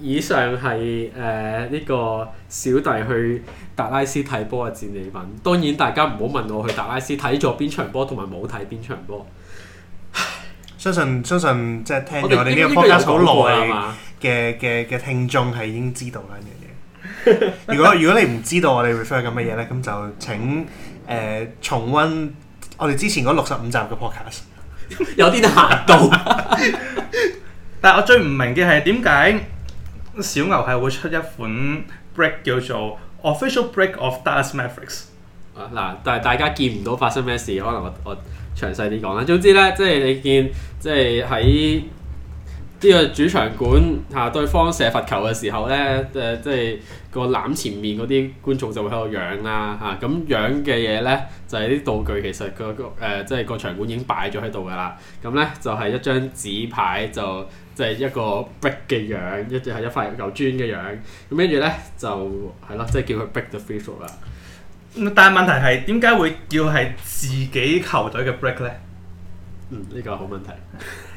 以上係誒呢個小弟去達拉斯睇波嘅戰利品。當然大家唔好問我去達拉斯睇咗邊場波同埋冇睇邊場波 。相信相信即係聽咗我哋呢個 podcast 好耐嘅嘅嘅聽眾係已經知道啦呢樣嘢。如果如果你唔知道我哋 refer 咁嘅嘢咧，咁就請誒、呃、重溫我哋之前嗰六十五集嘅 podcast。 有啲難度， 但係我最唔明嘅係點解？小牛係會出一款 break 叫做 Official Break of Dallas Mavericks 啊，嗱，但係大家見唔到發生咩事，可能我我詳細啲講啦。總之咧，即係你見即係喺呢個主場館吓、啊，對方射罰球嘅時候咧，誒、呃，即係個籃前面嗰啲觀眾就會喺度仰啦吓，咁樣嘅嘢咧就係、是、啲道具，其實個個誒、呃，即係個場館已經擺咗喺度噶啦。咁咧就係、是、一張紙牌就。即係一個 break 嘅樣，一隻係一塊舊磚嘅樣，咁跟住咧就係咯，即係、就是、叫佢 break the field 啦、嗯。但係問題係點解會叫係自己球隊嘅 break 咧？嗯，呢、這個好問題。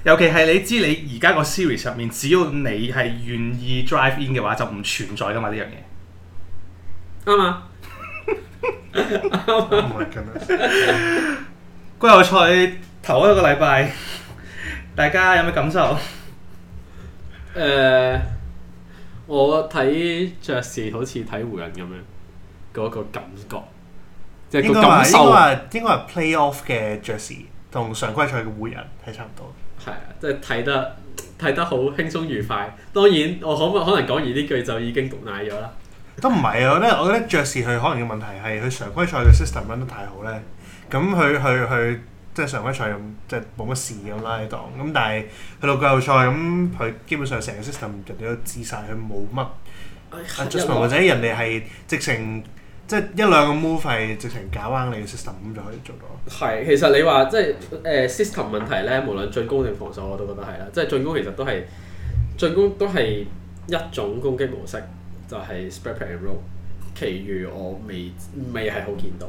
尤其係你知你而家個 series 入面，只要你係願意 drive in 嘅話，就唔存在噶嘛呢樣嘢。啱啊！唔係咁啊！季後、嗯、賽頭一個禮拜，大家有咩感受？誒、呃，我睇爵士好似睇湖人咁樣，嗰、那個感覺，即係個感受，應該係 playoff 嘅爵士同常規賽嘅湖人係差唔多。係啊，即係睇得睇得好輕鬆愉快。當然，我可唔可能講完呢句就已經毒奶咗啦。都唔係啊，我咧，我覺得爵士佢可能嘅問題係佢常規賽嘅 system run 得太好咧，咁佢去去。即係常規賽咁，即係冇乜事咁啦，你度。咁、嗯、但係去到季後賽咁，佢基本上成個 system 人哋都治晒，佢冇乜 adjustment，或者人哋係直情即係一兩個 move 係直情搞硬你嘅 system，咁就可以做到。係，其實你話即係誒、呃、system 問題咧，無論進攻定防守，我都覺得係啦。即係進攻其實都係進攻都係一種攻擊模式，就係、是、spread pick and roll 其餘我未未係好見到。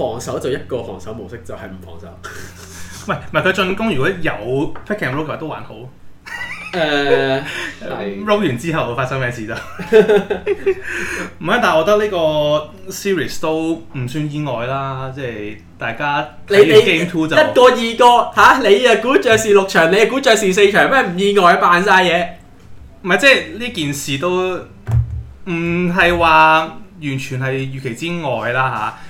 防守就一個防守模式，就係、係、唔防守。喂，唔係佢進攻如果有 pick and roll 嘅都還好。誒，roll 完之後發生咩事啫？唔 係， 但係我覺得呢個 series 都唔算意外啦。即係大家你你就一個二個嚇，你又估爵士六場，你又估爵士四場，咩唔意外，扮晒嘢。唔係即係呢件事都唔係話完全係預期之外啦，嚇。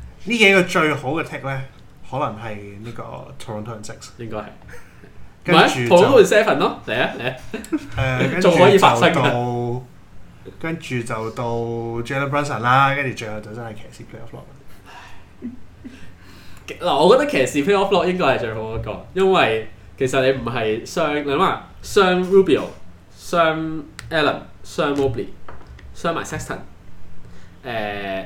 呢幾個最好嘅 take 咧，可能係呢個 Toronto 同 Six，應該係。咪，Toronto 同 Seven 咯，嚟啊嚟啊！誒，仲可以發生到，跟住就到 Jalen Brunson 啦，跟住最後就真係騎士 Playoff Flaw。嗱，我覺得騎士 Playoff Flaw 應該係最好嗰個，因為其實你唔係雙諗下，雙 Rubio、雙 Allen、雙 Mobley、雙埋 Sexton，誒。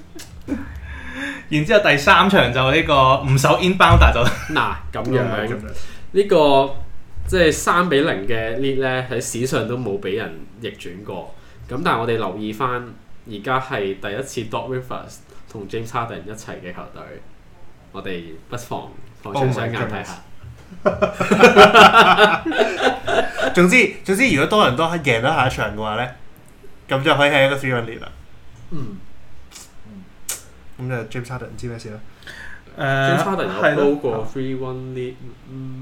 然之後第三場就呢個唔守 inbound 就嗱咁樣呢個即係三比零嘅 lead 咧喺史上都冇俾人逆轉過。咁但係我哋留意翻而家係第一次 Doc Rivers 同 James Harden 一齊嘅球隊，我哋不妨互相相睇下。總之總之，如果多人都喺贏咗下一場嘅話咧，咁就可以係一個3-1 lead 啦。嗯。咁就 James Harden 唔知咩事啦。James Harden、呃、blow 過 Three One Lead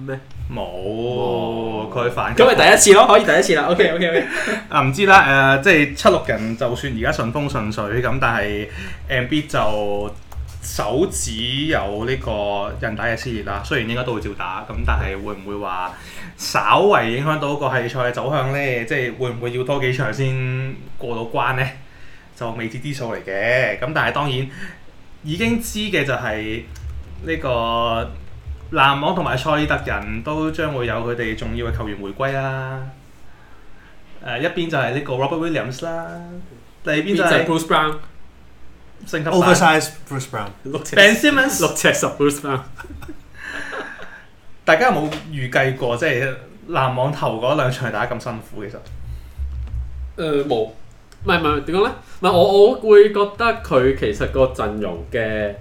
咩？冇，佢反咁咪第一次咯，可以第一次啦。OK OK OK、 啊。啊唔知啦，誒、呃、即係七六人 就算而家順風順水咁、嗯，但係 MB 就手指有呢個韌帶嘅撕裂啦。雖然應該都會照打，咁、嗯、但係會唔會話稍為影響到個系列賽嘅走向咧？即係會唔會要多幾場先過到關咧？就未知啲數嚟嘅。咁、嗯、但係當然。已經知嘅就係呢個籃網同埋塞爾特人都將會有佢哋重要嘅球員回歸啦、啊。誒、啊，一邊就係呢個 Robert Williams 啦，第二邊就係 Bruce Brown，升級版 oversize Bruce Brown，Ben Simmons 六隻十 Bruce Brown，大家有冇預計過即係籃網頭嗰兩場打得咁辛苦？其實誒冇。呃唔係唔係點講咧？唔係我我會覺得佢其實個陣容嘅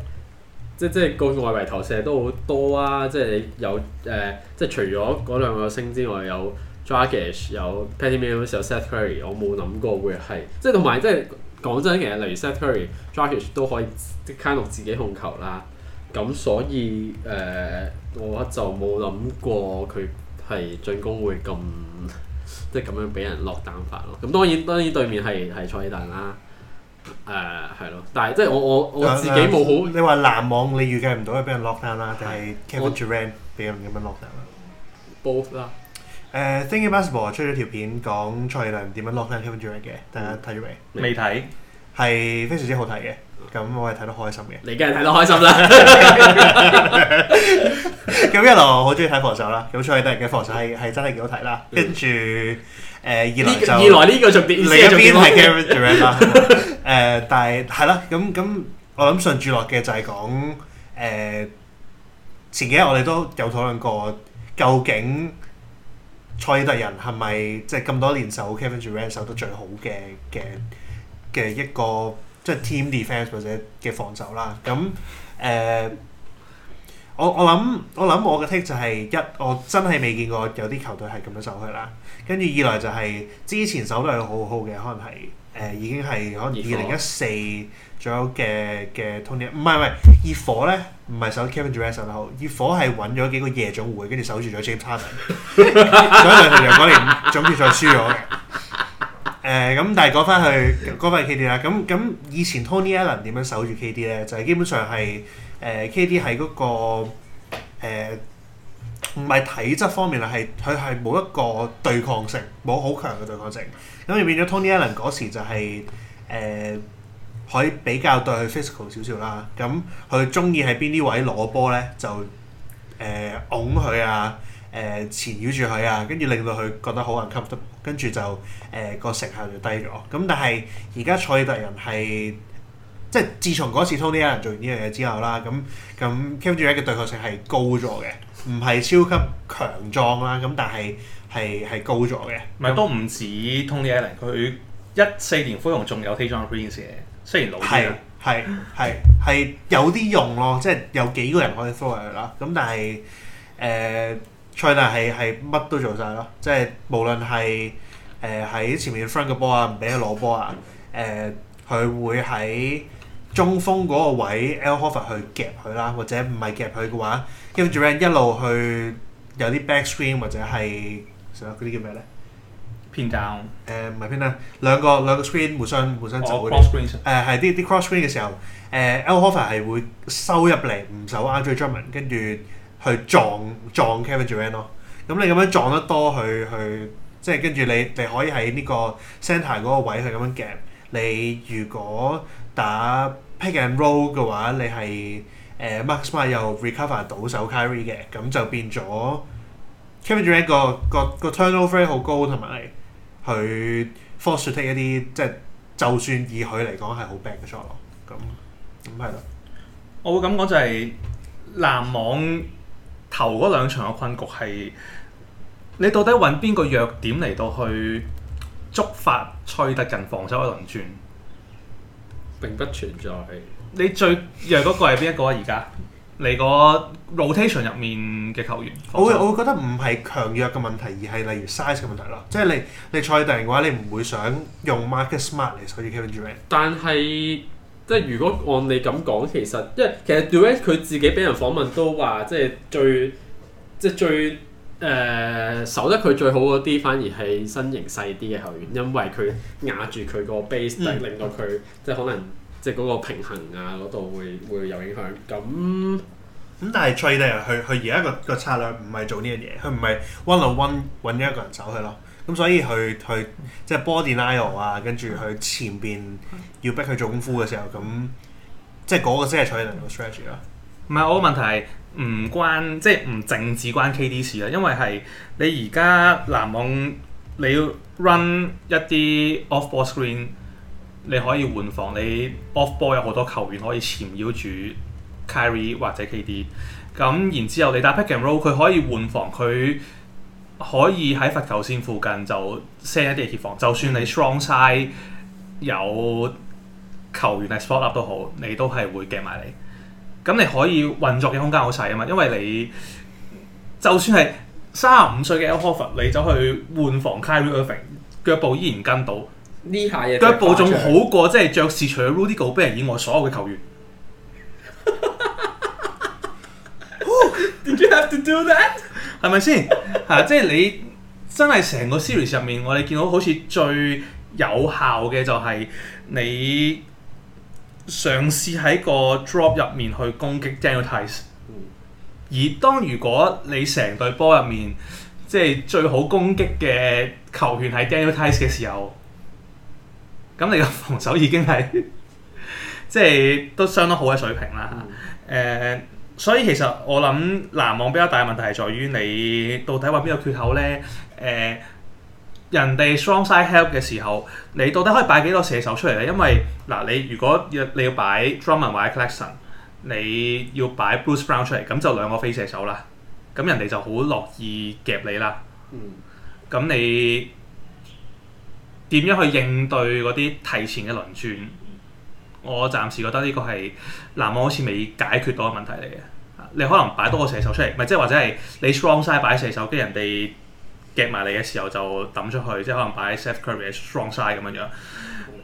即即係個外圍投射都好多啊！即係有誒、呃，即係除咗嗰兩個星之外，有 Dragic 有 Patty Mills 有 Seth Curry，我冇諗過會係即係同埋即係講真其實，例如 Seth Curry、Dragic 都可以即係靠自己控球啦。咁所以誒、呃，我就冇諗過佢係進攻會咁。即係咁樣俾人落蛋法咯，咁當然當然對面係係蔡依林啦，誒係咯，但係即係我我我自己冇好、呃，你話難忘你預計唔到佢俾人落 o 啦，定係 Kevin Durant 俾人點樣落 o 啦？Both 啦，誒 s t e p h i n Maspal 出咗條片講蔡依林點樣 lock down e v i n Durant 嘅，但、嗯、家睇咗未？未睇，係非常之好睇嘅。咁我係睇到開心嘅，你梗係睇到開心啦。咁 一來好中意睇防守啦，咁賽爾特人嘅防守係係真係幾好睇啦。跟住誒二來就二來呢個就變另一邊係 Kevin Durant 啦。 誒、呃，但係係啦，咁咁我諗順住落嘅就係講誒前幾日我哋都有討論過，究竟賽爾特人係咪即係咁多年守 Kevin Durant 守得最好嘅嘅嘅一個？即係 team defence 或者嘅防守啦，咁誒、呃，我我諗我諗我嘅 take 就係一，我真係未見過有啲球隊係咁樣守佢啦。跟住二來就係、是、之前守得係好好嘅，可能係誒、呃、已經係可能二零一四左右嘅嘅 Tony，唔係唔係熱火咧，唔係守 Kevin Durant 好，熱火係揾咗幾個夜總會，跟住守住咗 James Harden，兩條友嗰年總決賽輸咗。誒咁、呃，但係講翻去講翻 K D 啦。咁咁以前 Tony Allen 點樣守住 K D 咧？就係、是、基本上係誒、呃、K D 係嗰、那個唔係、呃、體質方面啊，係佢係冇一個對抗性，冇好強嘅對抗性。咁而變咗 Tony Allen 嗰時就係、是、誒、呃，可以比較對佢 physical 少少啦。咁佢中意喺邊啲位攞波咧，就誒拱佢啊！誒、呃、纏繞住佢啊，跟住令到佢覺得好難 cover 得，跟住就誒個、呃、成效就低咗。咁但係而家賽爾特人係即係自從嗰次 Tony Allen 做完呢樣嘢之後啦，咁咁 c a p 嘅對抗性係高咗嘅，唔係超級強壯啦，咁但係係係高咗嘅。唔係都唔止 Tony Allen，佢一四年灰熊仲有 Tayshaun Prince，雖然老啲啦，係係係有啲用咯，即係有幾個人可以 support 佢啦。咁但係誒、呃蔡大係係乜都做晒咯，即係無論係誒喺前面嘅 front 分嘅波啊，唔俾佢攞波啊，誒、呃、佢會喺中鋒嗰個位 Al Horford 去夾佢啦，或者唔係夾佢嘅話，跟住、嗯、一路去有啲 backscreen 或者係嗰啲叫咩咧？偏 Pin down 誒唔係偏 down，兩個兩個 screen 互相互相走嘅誒係啲啲 cross screen 嘅時候，誒、呃、Al Horford 係會收入嚟唔守 Andre Drummond 跟住。去撞撞 Kevin Durant 咯，咁你咁樣撞得多去去即係跟住你你可以喺呢個 center 個位去咁樣夾你如果打 pick and roll 嘅話你係誒 Marcus Smart 又 recover 到手 Kyrie 嘅，咁就變咗 Kevin Durant 個個個 turnover rate 好高，同埋佢 force take 一啲即係就算以佢嚟講係好 bad 嘅錯咯。咁咁係咯我會感覺就係藍網頭嗰兩場嘅困局係，你到底揾邊個弱點嚟到去觸發賽特人防守嘅輪轉？並不存在。你最弱嗰個係邊一個啊？而家嚟個 rotation 入面嘅球員，我會我會覺得唔係強弱嘅問題，而係例如 size 嘅問題咯。即係你你賽特人嘅話，你唔會想用 Marcus Smart 嚟取代 Kevin Durant。但係。即係如果按你咁講，其實，因為其實 Dwayne 佢自己俾人訪問都話，即係最即係最誒、呃、守得佢最好嗰啲，反而係身形細啲嘅球員，因為佢壓住佢個 base、嗯、令到佢即係可能即係嗰個平衡啊嗰度會會有影響。咁咁、嗯、但係 Tray 呢？佢佢而家個個策略唔係做呢樣嘢，佢唔係 one on one 揾一個人走去咯。咁、嗯、所以佢佢即係 ball denial 啊，跟住佢前邊要逼佢做功夫嘅時候，咁即係嗰個先係取能個 stretch 啊。唔係我個問題係唔關，即係唔淨止關 KD 事啦，因為係你而家籃網你要 run 一啲 off ball screen，你可以換防你 off ball 有好多球員可以纏繞住 Kyrie 或者 K D，咁然之後你打 pick and roll 佢可以換防佢。可以喺罰球線附近就 send 一啲協防，就算你 strong side 有球員係 spot up 都好，你都係會夾埋你。咁你可以運作嘅空間好細啊嘛，因為你就算係三十五歲嘅 Al Horford，你走去換防 Kyrie Irving，腳步依然跟到呢下嘢，腳步仲好過即係爵士除咗 Rudy Gobert 俾人以外，所有嘅球員。係咪先？嚇、 啊！即係你真係成個 series 入面，我哋見到好似最有效嘅就係你嘗試喺個 drop 入面去攻擊 Daniel Theis。而當如果你成隊波入面，即係最好攻擊嘅球員係 Daniel Theis 嘅時候，咁你嘅防守已經係即係都相當好嘅水平啦。誒、嗯。呃所以其實我諗籃網比較大嘅問題係在於你到底揾邊個缺口咧？誒、呃，人哋 strongside help 嘅時候，你到底可以擺幾多射手出嚟咧？因為嗱，你如果要你要擺 Drummond 或者 Claxton，你要擺 Bruce Brown 出嚟，咁就兩個非射手啦。咁人哋就好樂意夾你啦。嗯。咁你點樣去應對嗰啲提前嘅輪轉？我暫時覺得呢個係籃網好似未解決到嘅問題嚟嘅。你可能擺多個射手出嚟，咪即係或者係你 strong side 擺射手，跟人哋夾埋你嘅時候就抌出去，即係可能擺 Seth Curry strong side 咁樣。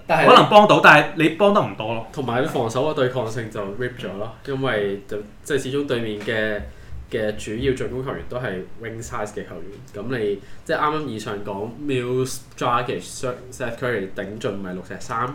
但係可能幫到，但係你幫得唔多咯。同埋防守嘅對抗性就 rip 咗咯，因為就即係始終對面嘅嘅主要進攻球員都係 wing size 嘅球員。咁你即係啱啱以上講，Mills、Dragic、Seth Curry 頂盡唔係六尺三。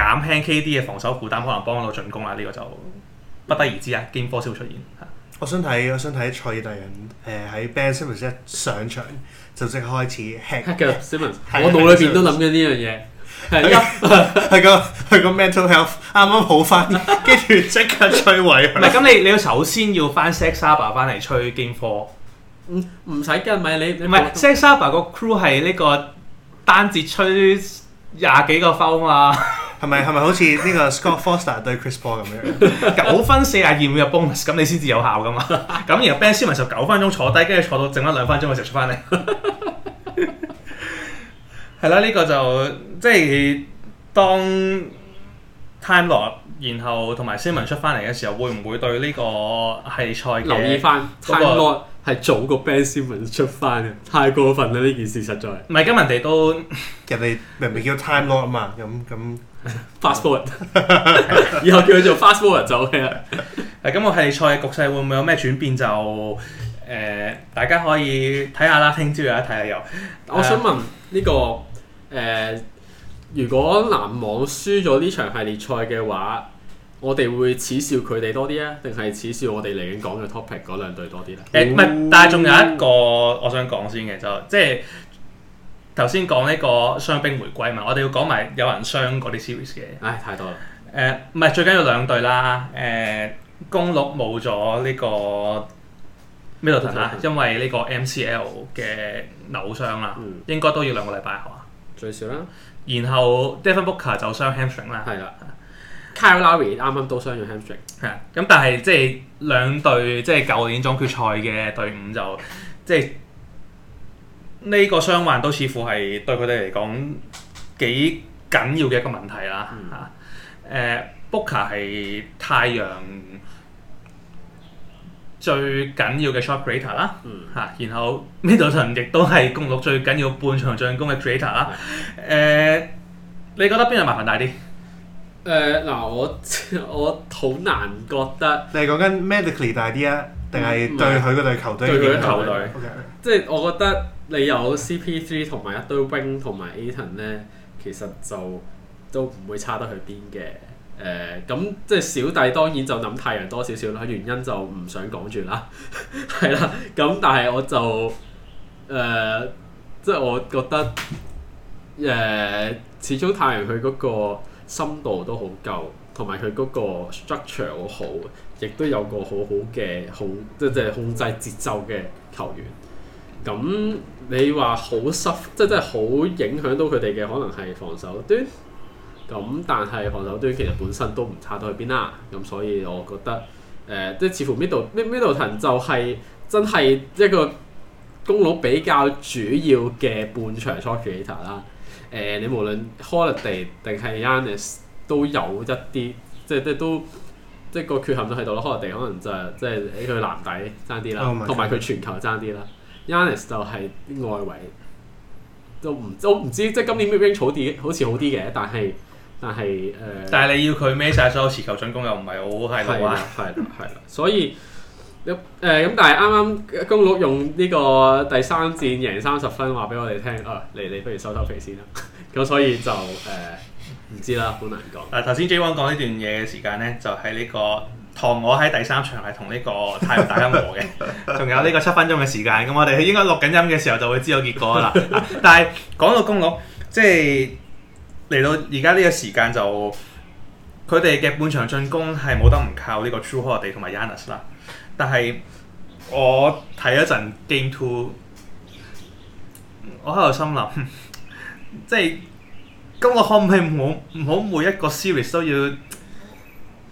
減輕 K D 嘅防守負擔，可能幫到進攻啦。呢、這個就不得而知啊。Game 4先會出現。我想睇，我想睇賽爾特人。誒、呃，喺 Ben Simmons 一上場就即開始 hack。Simmons, 哈哈我腦裏邊都諗緊呢樣嘢。係他、 那個係個 mental health 啱啱好翻，跟住即刻摧毀。 唔係咁，你你要首先要翻 Zach Zarba 翻嚟吹 Game 4。唔唔使跟咪你唔係 Zach Zarba 個 crew 係呢個單節吹廿幾個 foul 嘛、啊。係咪係咪好似呢個 Scott Foster 對 Chris Paul 咁樣？九分四啊二秒嘅 bonus，咁你先至有效㗎嘛？咁然後 Ben Simmons 就九分鐘坐低，跟住坐到剩翻兩分鐘就出翻嚟。係啦， 呢、這個就即係當 time lock，然後同埋 Simon 出翻嚟嘅時候，會唔會對呢個系列賽、那個？留意翻 time lock 係早個 Ben Simmons 出翻，太過分啦！呢件事實在唔係，今日哋都人哋明明叫 time lock 啊嘛，咁咁。Fast forward，、嗯、 以後叫佢做 Fast forward 就啦。誒，今個系列賽嘅局勢會唔會有咩轉變就？就、呃、誒，大家可以睇下啦，聽朝又睇下又。看看嗯、我想問呢、這個誒、呃，如果籃網輸咗呢場系列賽嘅話，我哋會恥笑佢哋多啲啊，定係恥笑我哋嚟緊講嘅 topic 嗰兩隊多啲咧？誒、嗯，唔係、呃，但係仲有一個我想講先嘅，就即係。頭先講呢個傷兵回歸嘛，我哋要講埋有人傷嗰啲 series 嘅，唉太多啦。誒唔係最緊要兩隊啦。誒、呃，公鹿冇咗呢個米洛頓 Middleton 啦，因為呢個 MCL 嘅扭傷啦，嗯、應該都要兩個禮拜嚇、啊。最少、er、啦。然後 Devin Booker 就傷 Hamstring 啦。係啦。Kyle Lowry 啱啱都傷咗 Hamstring。係、嗯、啊。咁但係即係兩隊即係舊年總決賽嘅隊伍就即係。 呢個傷患都似乎係對佢哋嚟講幾緊要嘅一個問題啦嚇。誒、嗯啊、Booker 係太陽最緊要嘅 shot creator 啦嚇、嗯啊，然後 Middleton 亦都係公鹿最緊要半場進攻嘅 creator 啦。誒、嗯啊，你覺得邊樣麻煩大啲？誒、呃，嗱、呃，我 我好難覺得。你係講緊 medically 大啲啊，定係對佢嗰隊球隊、嗯？對佢嘅球隊。人 o Okay . K，即係我覺得。你有 CP3 同埋一堆 wing 同埋、e、Ayton 咧，其實就都唔會差得去邊嘅。誒、呃，咁即係小弟當然就諗太陽多少少啦，原因就唔想講住啦，係 啦。咁但係我就誒、呃，即係我覺得誒、呃，始終太陽佢嗰個深度都好夠，同埋佢嗰個 structure 好，好，亦都有個好好嘅控，即、就、係、是、控制節奏嘅球員。咁你話好濕即係即係好影響到佢哋嘅，可能係防守端。咁但係防守端其實本身都唔差到去邊啦。咁所以我覺得誒、呃，即係似乎 Middle Middleton 就係、是、真係一個功勞比較主要嘅半場 shooter 啦。誒、呃，你無論 Holiday 定係 Yanis 都有一啲，即係即係都即係個缺陷都喺度咯。Holiday 可能就係、是、即係喺佢籃底爭啲啦，同埋佢傳球爭啲啦。Giannis 就係啲外圍都唔，我唔知即係今年 mid-range 嗰啲好似好啲嘅，但係但係誒。但係、呃、你要佢孭晒所有持球進攻又唔係好係咯，係啦係啦， 所以誒咁、呃，但係啱啱公鹿用呢個第三戰贏三十分話俾我哋聽啊，你、呃、你不如收收皮先啦。咁 所以就誒唔、呃、知啦，好難講。誒頭先 J One 講呢段嘢嘅時間咧，就喺、是、呢、這個。同我喺第三場係同呢個太陽打音我嘅，仲 有呢個七分鐘嘅時間，咁我哋應該錄緊音嘅時候就會知道結果啦、 啊。但係講到公鹿，即係嚟到而家呢個時間就，佢哋嘅半場進攻係冇得唔靠呢個 Jrue Holiday 同埋 Giannis 啦。但係我睇咗陣 Game Two，我喺度心諗，即係咁，我可唔可以唔好？唔好，每一個 Series 都要？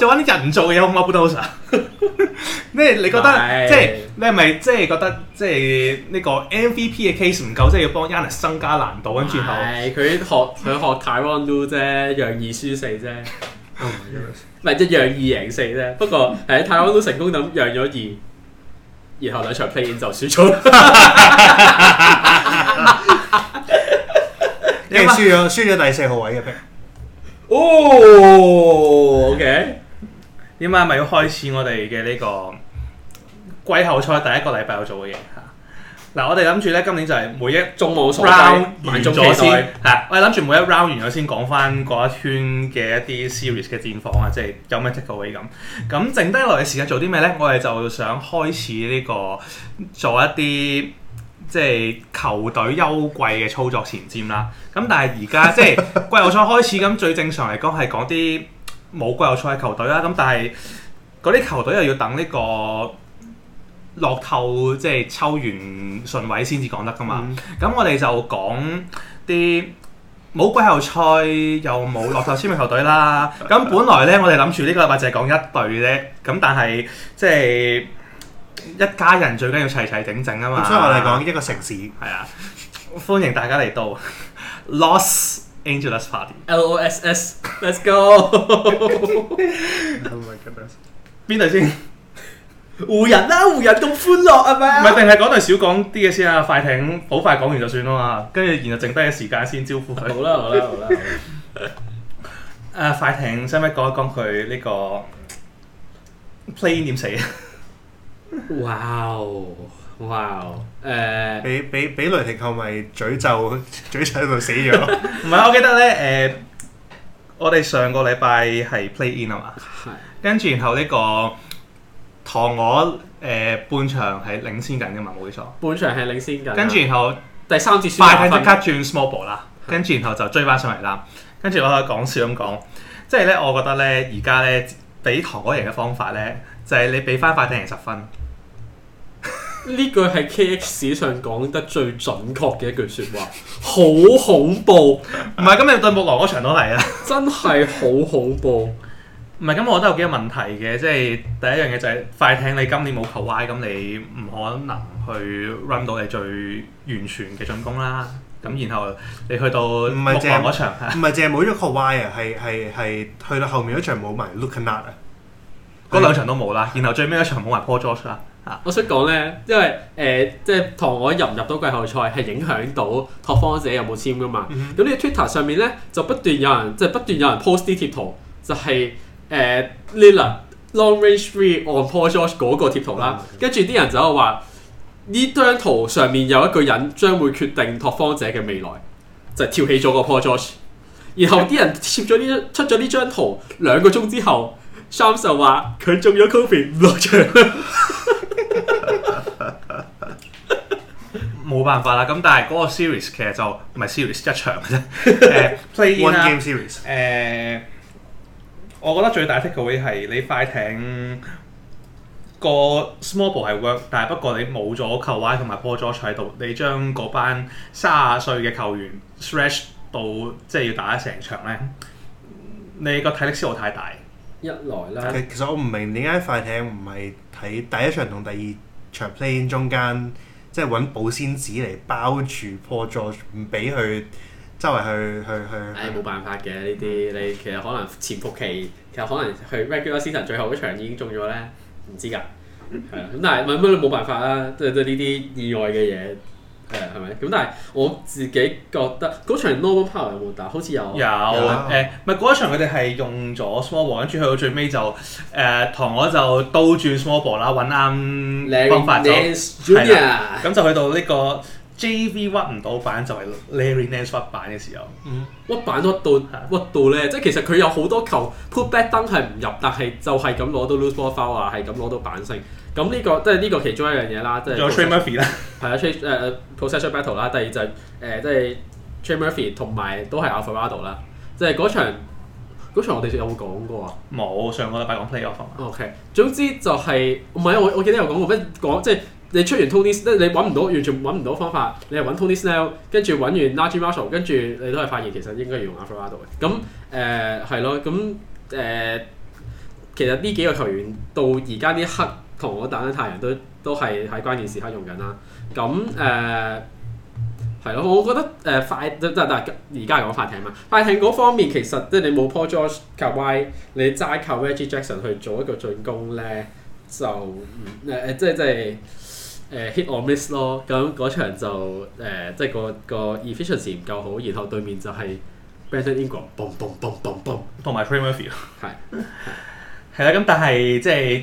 就玩啲人造嘢，我唔多想。咩你覺得是即係咩咪即係覺得即係呢、這個 MVP 嘅 case 唔夠，即、就、係、是、要幫 Yanis 增加難度，跟住係佢學佢學泰倫盧啫，讓二輸四啫，唔係即係讓二贏四啫。不過喺泰倫盧成功咁讓咗二，然後兩場 play-in 就輸咗，因為輸咗輸咗第四號位嘅哦、oh，OK，點解咪要開始我哋嘅呢個季後賽第一個禮拜要做嘅嘢嚇。嗱、啊，我哋諗住咧，今年就係每一中冇 round 完再先嚇、啊。我哋諗住每一 round 完咗先講翻嗰一圈嘅一啲 serious 嘅戰況啊，即係有咩 take away 咁。咁剩低落嘅時間做啲咩咧？我哋就想開始呢、這個做一啲。即係球隊休季嘅操作前瞻啦，咁但係而家即係季後賽開始咁， 最正常嚟講係講啲冇季後賽嘅球隊啦。咁但係嗰啲球隊又要等呢、呢個落透，即係抽完順位先至講得㗎嘛。咁、嗯、我哋就講啲冇季後賽又冇落透簽嘅球隊啦。咁本來咧，我哋諗住呢個禮拜就係講一隊咧，咁但係即係。即係一家人最緊要齊齊整整啊嘛！所以我哋講一個城市係啊， 歡迎大家嚟到 Los Angeles Party。L O S S，Let's go！Oh my goodness！邊度先？湖人啦、啊，湖人咁歡樂啊嘛！唔係定係講到少講啲嘢先啊？快艇好快講完就算啦嘛，跟住然後剩低嘅時間先招呼佢。好啦好啦好啦！誒、 啊，快艇使唔使講一講佢呢個 Play 點死啊？哇哦，哇哦、wow, wow, uh，俾俾俾雷霆球迷嘴咒、嘴上度死咗， 唔係我記得咧，誒、呃，我哋上個禮拜係 play in 啊嘛，係， 跟住然後呢、這個唐我誒半場係領先緊噶嘛，冇、呃、錯，半場係領先緊，跟住然後第三節輸快艇即刻轉 small ball 啦，跟住然後就追翻上嚟啦，跟住我喺講笑咁講，即係咧，我覺得咧而家咧俾唐我贏嘅方法咧，就係你俾翻快艇贏十分。呢句係 KX 史上講得最準確嘅一句説話，好恐怖！唔係咁你對木狼嗰場都係啊， 真係好恐怖！唔係咁，我都有幾個問題嘅，即係第一樣嘢就係快艇，你今年冇球 Y，咁你唔可能去 run 到你最完全嘅進攻啦。咁然後你去到木狼嗰場，唔係淨冇咗個 Y 啊，係係係去到後面嗰場冇埋 Luke Kennard 啊，嗰兩場都冇啦。然後最尾一場冇埋 Paul George。我想講咧，因為誒、呃、即係塘鵝入唔入到季後賽係影響到拓荒者有冇籤㗎嘛。咁呢 個 Twitter 上面咧就不斷有人即係、就是、不斷有人 post 啲貼圖，就係誒 Lila long range three on Paul George 嗰個貼圖啦。跟住啲人就喺度話呢張圖上面有一個人將會決定拓荒者嘅未來，就係、是、跳起咗個 Paul George。然後啲人貼咗呢出咗呢張圖兩個鐘之後。Samson 話佢中咗 Covid，唔落場，冇辦法啦。咁但係嗰個 series 其實就唔係 series 一場嘅啫，誒 play one game series。誒，我覺得最大 takeaway 係你快艇個 small ball 係 work，但係不過你冇咗 Kawhi 同埋 Paul George 喺度，你將嗰班三十歲嘅球員 stretch 到即係要打成場咧，你個體力消耗太大。一來啦，其實我唔明點解快艇唔係喺第一場同第二場 play in 中間，即係揾保鮮紙嚟包住破座，唔俾佢周圍去去去。去唉，冇辦法嘅呢啲，嗯、你其實可能潛伏期，其實可能去 regular season 最後嗰場已經中咗咧，唔知㗎。係啊、嗯，咁但係問乜都冇辦法啦，即都呢啲意外嘅嘢。誒係咪？咁、uh, 但係我自己覺得嗰場 Norman Powell 有冇打好似有有誒，唔係嗰一場佢哋係用咗 small ball，跟住去到最尾就誒，同、uh, 我就兜轉 small ball 啦，揾啱方法就係啦。咁 Larry 就去 Junior 到呢個 JV 屈唔到板就係、是、Larry Nance 屈板嘅時候，屈、嗯、板屈到屈到咧，呢啊、即係其實佢有好多球 put back 燈係唔入，但係就係咁攞到 loose ball foul 啊，係咁攞到板勝。咁呢個都係呢個其中一樣嘢啦，即係。Trey Murphy 啦，係啊，Trey 誒 Possession Battle 啦，第二就係誒即係 Trey Murphy 同埋都係 Alfredo 啦，就係嗰場嗰場我哋有冇講過啊？冇，上個禮拜講 Playoff。OK，總之就係唔係我我記得有講過咩講，即係你出完 Toni，即係你揾唔到，完全揾唔到方法，你係揾 Toni Snell，跟住揾完 Naji Marshall，跟住你都係發現其實應該要用 Alfredo 嘅。咁誒係咯，咁誒其實呢幾個球員到而家呢一刻。同我打得太陽都都係喺關鍵時刻用緊啦。咁誒係咯，我覺得誒快即係但係而家講快艇嘛，快艇嗰方面其實即係你冇 Paul George 靠 Kawhi，你齋靠 Reggie Jackson 去做一個進攻咧，就誒誒、嗯呃、即係即係誒 hit or miss 咯。咁嗰場就誒、呃、即係、嗰個、嗰個 efficiency 唔夠好，然後對面就係 Brandon Ingram，boom boom boom boom boom，同埋 Trey Murphy 咯。係係啦，咁 但係即係。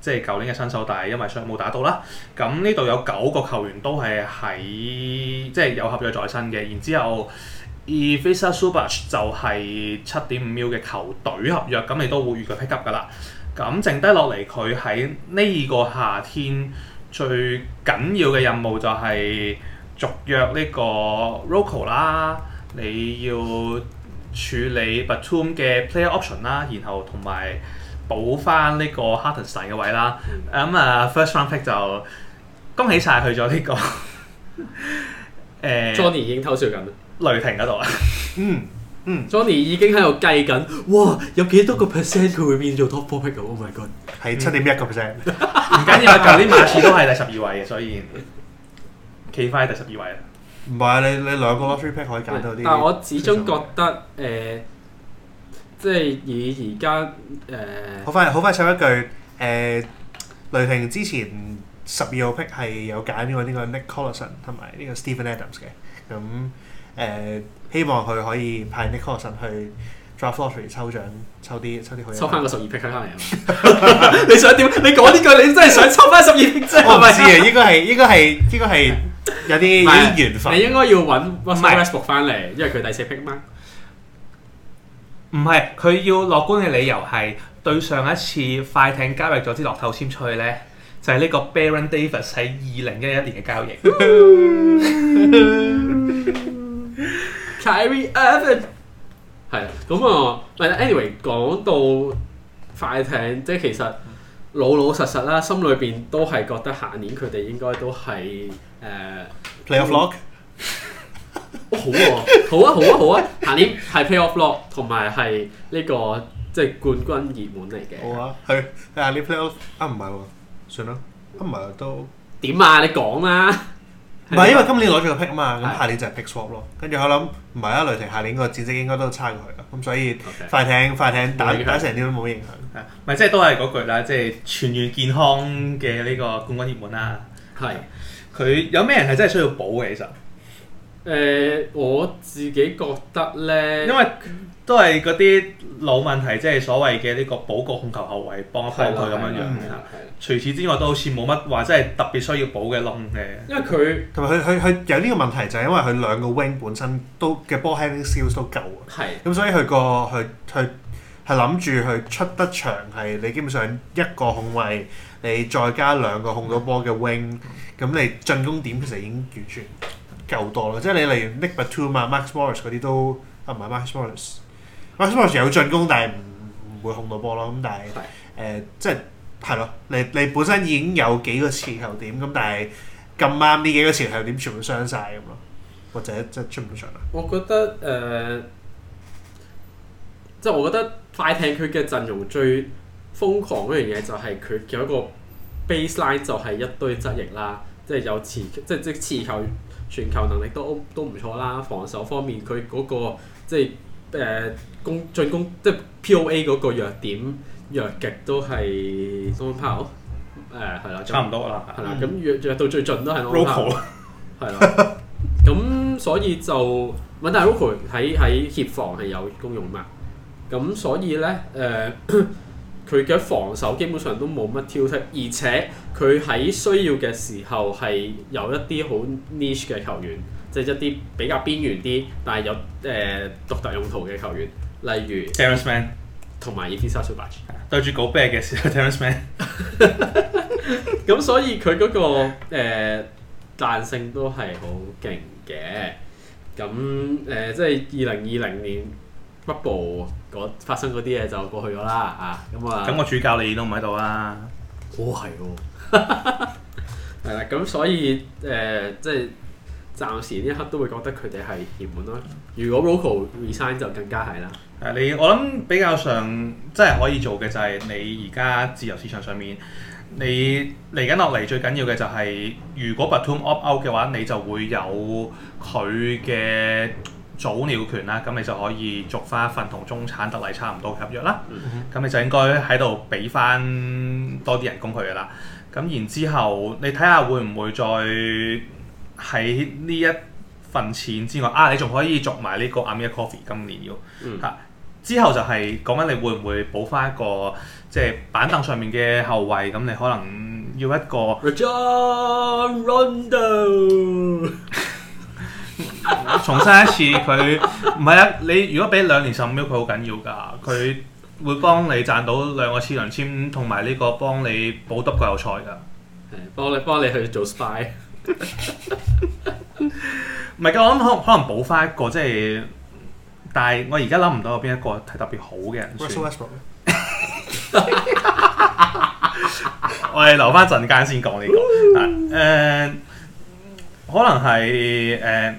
即係舊年嘅新秀，但，因為上冇打到啦。咁呢度有九個球員都係喺即係有合約在身嘅，然之後 Efesa Subach 就係七點五秒嘅球隊合約，咁你都會預佢 pick up 噶啦。咁剩低落嚟，佢喺呢個夏天最緊要嘅任務就係續約呢個 Roko 啦。你要處理 Batum 嘅 Player Option 啦，然後同埋。補翻呢個 Hartenstein 嘅位啦，咁啊、嗯嗯、First Round Pick 就恭喜晒去咗呢、這個。誒、 呃、Johnny 已經偷笑緊，雷霆嗰度啊，嗯嗯，Johnny 已經喺度計緊，哇，有幾多個 percent 佢會變做 Top Four Pick Oh my God，係七點一個 percent，唔緊要啊，舊年馬刺都係第十二位嘅，所以企翻喺第十二位。唔係 你你兩個 lottery Pick 可以揀到啲，但我始終覺得誒。呃即係以而家誒，好、呃、快好快唱一句誒、呃！雷霆之前十二號 pick 係有揀呢個呢個 Nick Collison 同埋呢個 Stephen Adams 嘅，咁誒、呃、希望佢可以派 Nick Collison 去 Draft Lottery 抽獎抽啲抽啲好。抽翻個十二 pick 翻嚟你想點？你講呢句你真係想抽翻十二 pick 啫？ 我唔係知啊，應該係應該係應該係有啲啲緣分啊。你應該要揾 Westbrook 翻嚟， 因為佢第四 pick 嗎？ 唔係，佢要樂觀嘅理由係對上一次快艇交易咗支樂透籤出去咧，就係、是、呢個 Baron Davis 喺二零一一年嘅交易。Cherry Evans 係咁啊，anyway 講到快艇，即係其實老老實實啦，心裏邊都係覺得下年佢哋應該都係 Playoff lock。Uh, 哦、好啊好啊，好啊，好啊！下年係 Play Off 咯、這個，同埋係呢個即係冠軍熱門嚟嘅。好啊，係下年 Play Off 啊？唔係喎，算啦，啊唔係都點啊？你講啦，唔係因為今年攞咗個 Pick 嘛，咁、嗯、下年就係 Pick Swap 咯是。跟住我諗唔係啊，雷霆下年個戰績應該都差過去啦。咁所以快艇、快艇打打成點都冇影響。係咪即係都係嗰句啦？即係全員健康嘅呢個冠軍熱門啦。係佢有咩人係真係需要補嘅其實？誒、呃，我自己覺得咧，因為都係嗰啲老問題，即係所謂嘅呢個補個控球後衞幫一幫佢咁樣樣。除此之外，都好似冇乜話真係特別需要補嘅窿嘅。因為佢同埋佢佢佢有呢個問題，就係因為佢兩個 wing 本身都嘅 ball handling skills 都夠，係咁的所以佢個佢佢係諗住佢出得場係你基本上一個控衛，你再加兩個控到波嘅 wing，咁的你進攻點其實已經完全。夠多咯，即係你例如 Nick Batum、um, 嘛、啊、Max Morris 嗰啲都啊，唔係 Morris, Max Morris，Max Morris 有進攻，但係唔唔會控到波咯。咁但係誒是的、呃，即係係咯，你你本身已經有幾個持球點，咁但係咁啱呢幾個持球點全部傷晒咁咯，或者即係出唔上啊？我覺得誒，即、呃、係、就是、我覺得快艇佢嘅陣容最瘋狂嗰樣嘢就係佢有一個 baseline 就係一堆側翼啦，即、就、係、是、有持即即持球。就是全球能力都都唔錯啦，防守方面佢嗰、那個即係誒攻進攻即係 POA 嗰個弱點，弱極都係 Norm Powell 誒、嗯、係啦，差唔多啦係啦，咁、嗯、弱弱到最盡都係 Norm Powell 係啦，咁、 嗯、所以就問題係 Norm Powell 喺喺協防係有功用嘛，咁所以咧誒。呃佢嘅防守基本上都冇乜挑剔，而且佢喺需要嘅時候係有一啲好 niche 嘅球員，即、就、係、是、一啲比較邊緣啲，但係有誒、呃、獨特用途嘅球員，例如 Terance Mann 同埋 Ivica Zubac, rence S, 對住高啤嘅時候，Terance Mann 咁 所以佢嗰、那個誒彈、呃、性都係好勁嘅，咁誒、呃、即係二零二零年北部。嗰發生嗰啲嘢就過去咗啦，啊，咁、嗯、啊，咁我、嗯嗯、主教你都唔喺度啦，哦，係喎，係啦， 咁所以誒、呃，即係暫時呢一刻都會覺得佢哋係熱門咯。如果 r o c a l resign 就更加係啦。誒、嗯，你我諗比較上即係可以做嘅就係你而家自由市場上面，你嚟緊落嚟最緊要嘅就係如果 bottom up out 嘅話，你就會有佢嘅。早鳥權啦，咁你就可以續翻一份同中產特例差唔多嘅合約啦。咁、嗯、哼你就應該喺度俾翻多啲人工佢噶啦。咁然之後，你睇下會唔會再喺呢一份錢之外，啊，你仲可以續埋呢個 Amir Coffee 今年要嚇、嗯啊。之後就係講緊你會唔會補翻一個即係、就是、板凳上面嘅後衞，咁你可能要一個 Rajon Rondo 重新一次，佢唔係啊！你如果俾兩年十五秒，佢好緊要噶，佢會幫你賺到兩個次輪簽，同埋呢個幫你補得個有賽噶，係幫你幫你去做 spy，唔係，咁我諗可可能補翻一個，即係，但係我而家諗唔到有邊一個係特別好嘅人。我哋留翻陣間先講呢個，誒，可能係誒。嗯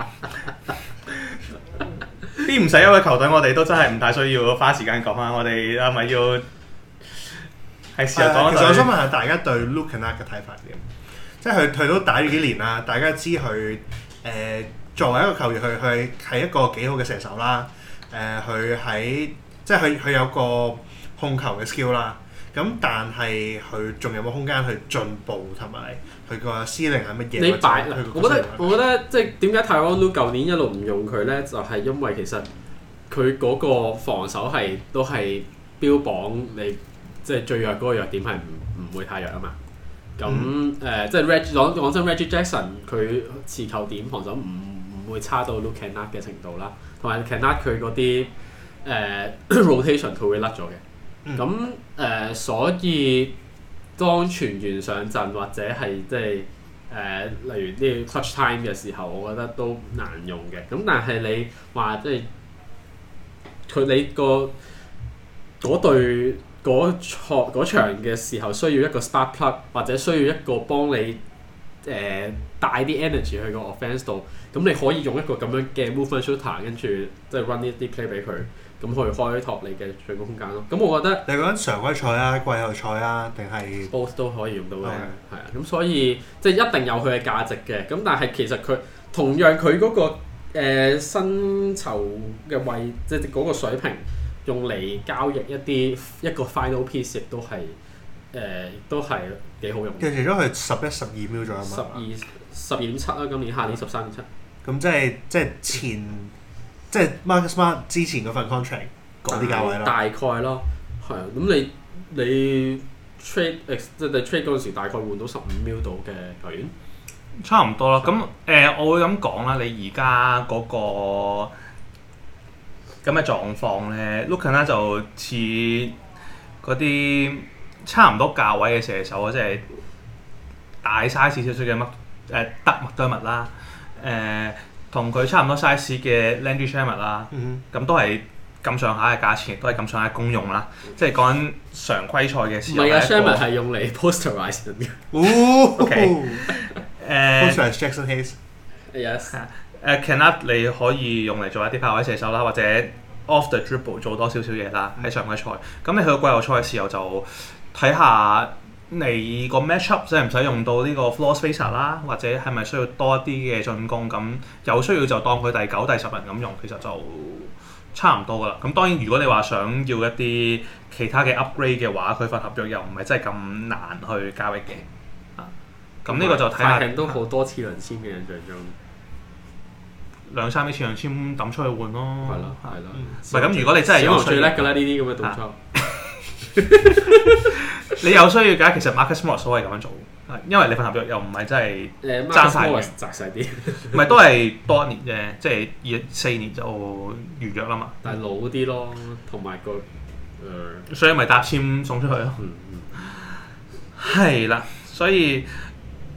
啲唔使一位球隊，我哋都真係唔太需要花時間講啊！我哋係咪要係自由講？其實我想問下大家對 Luke Kennard 嘅睇法點？即係佢佢都打咗幾年啦，大家知佢誒、呃、作為一個球員，佢佢係一個幾好嘅射手啦。誒、呃，佢喺即係佢佢有個控球嘅 skill 啦。咁但係佢仲有冇空間去進步同埋？佢個司令係乜嘢？你擺我，我覺得我覺得即係點解泰安 Lu 舊年一路唔用佢咧？就係、是、因為其實佢嗰個防守係都係標榜你即係最弱嗰個弱點係唔唔會太弱啊嘛。咁誒、嗯呃、即係 Reggie 講，講真，Reggie Jackson 佢持球點防守唔唔會差到 Luke Kennard 嘅程度啦。同埋 Kennard 佢嗰啲誒、呃、rotation 佢會甩咗嘅。咁誒、嗯呃、所以。當全員上陣或者係即係誒，例如呢個 clutch time 嘅時候，我覺得都難用嘅。咁但係你話即係佢你個嗰對嗰場嘅時候，需要一個 spark plug 或者需要一個幫你誒、呃、帶啲 energy 去個 offense 度，咁你可以用一個咁樣嘅 movement shooter，跟住即係 run 啲啲 play 俾佢。咁可以開拓你嘅最高空間咯。咁我覺得你講常規賽啊、季後賽啊，定係 both 都可以用到嘅。係啊，咁所以即係一定有佢嘅價值嘅。咁但係其實佢同樣佢嗰個誒薪酬嘅位，即係嗰個水平用嚟交易一啲一個 final piece 亦都係誒都係幾好用嘅。其實都係十一、十二秒左右，十二十二點七啊，今年下年十三點七。咁、嗯、即係即係前。即係 Marcus Smart 之前嗰份 contract 嗰啲概價位咯，大概咯，係啊。咁你、嗯、你 trade 即係 trade 嗰陣時，大概換到十五 mil 度嘅球員，差唔多啦。咁誒吧、呃，我會咁講啦。你而家嗰個咁嘅狀況咧，look in 啦，就似嗰啲差唔多價位嘅射手，即係大 size 少少嘅乜誒德物多物啦，誒、呃。同佢差唔多 size 嘅 Landry Shamet 啦，咁都係咁上下嘅價錢，都係咁上下功用啦。即係講常規賽嘅時候，我嘅 Shamet 係用嚟 posterize 嘅。O.K. 誒 posterize Jaxson Hayes yes 誒 Kennard 你可以用嚟做一啲炮位射手啦，或者 off the dribble 做多少少嘢啦。喺常規賽，咁你去到季後賽嘅時候就睇下。你個 matchup 使唔使用到呢個 floor spacer 啦，或者係咪需要多啲嘅進攻？咁有需要就當佢第九、第十人咁用，其實就差唔多噶啦。咁當然，如果你話想要一啲其他嘅 upgrade 嘅話，佢份合約又唔係真係咁難去交易嘅。啊，咁呢個就睇下。都好多次輪簽嘅印象中，兩三百次輪簽抌出去換咯。係咯，係咯。唔係咁，如果你真係因為最叻㗎啦呢啲咁嘅動作。 你有需要嘅，其實 Marcus Morris 都係咁樣做，因為你份合約又唔係真係爭晒嘅，晒啲，唔 係都係多年嘅，即係二四年就續約啦嘛。但係老啲咯，同埋個誒、呃嗯，所以咪搭簽送出去咯。嗯嗯，係啦，所以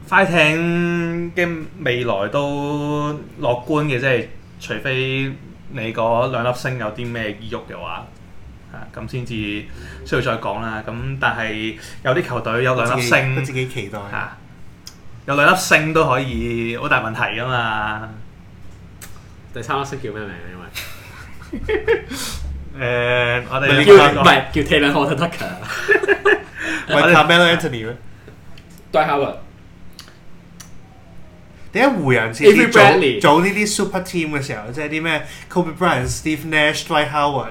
快艇嘅未來都樂觀嘅，即係除非你嗰兩粒星有啲咩依郁嘅話。咁先至需要再講啦。咁但係有啲球隊有兩粒星，自己期待吓，有兩粒星都可以好大問題㗎嘛。第三粒星叫咩名啊？因為誒，我哋唔係叫 Talen Horton-Tucker 嘅，唔係 Carmelo Anthony 咩？Dwight Howard。點解湖人做做呢啲 super team 嘅時候，即係啲咩 Kobe Bryant、Steve Nash、Dwight Howard？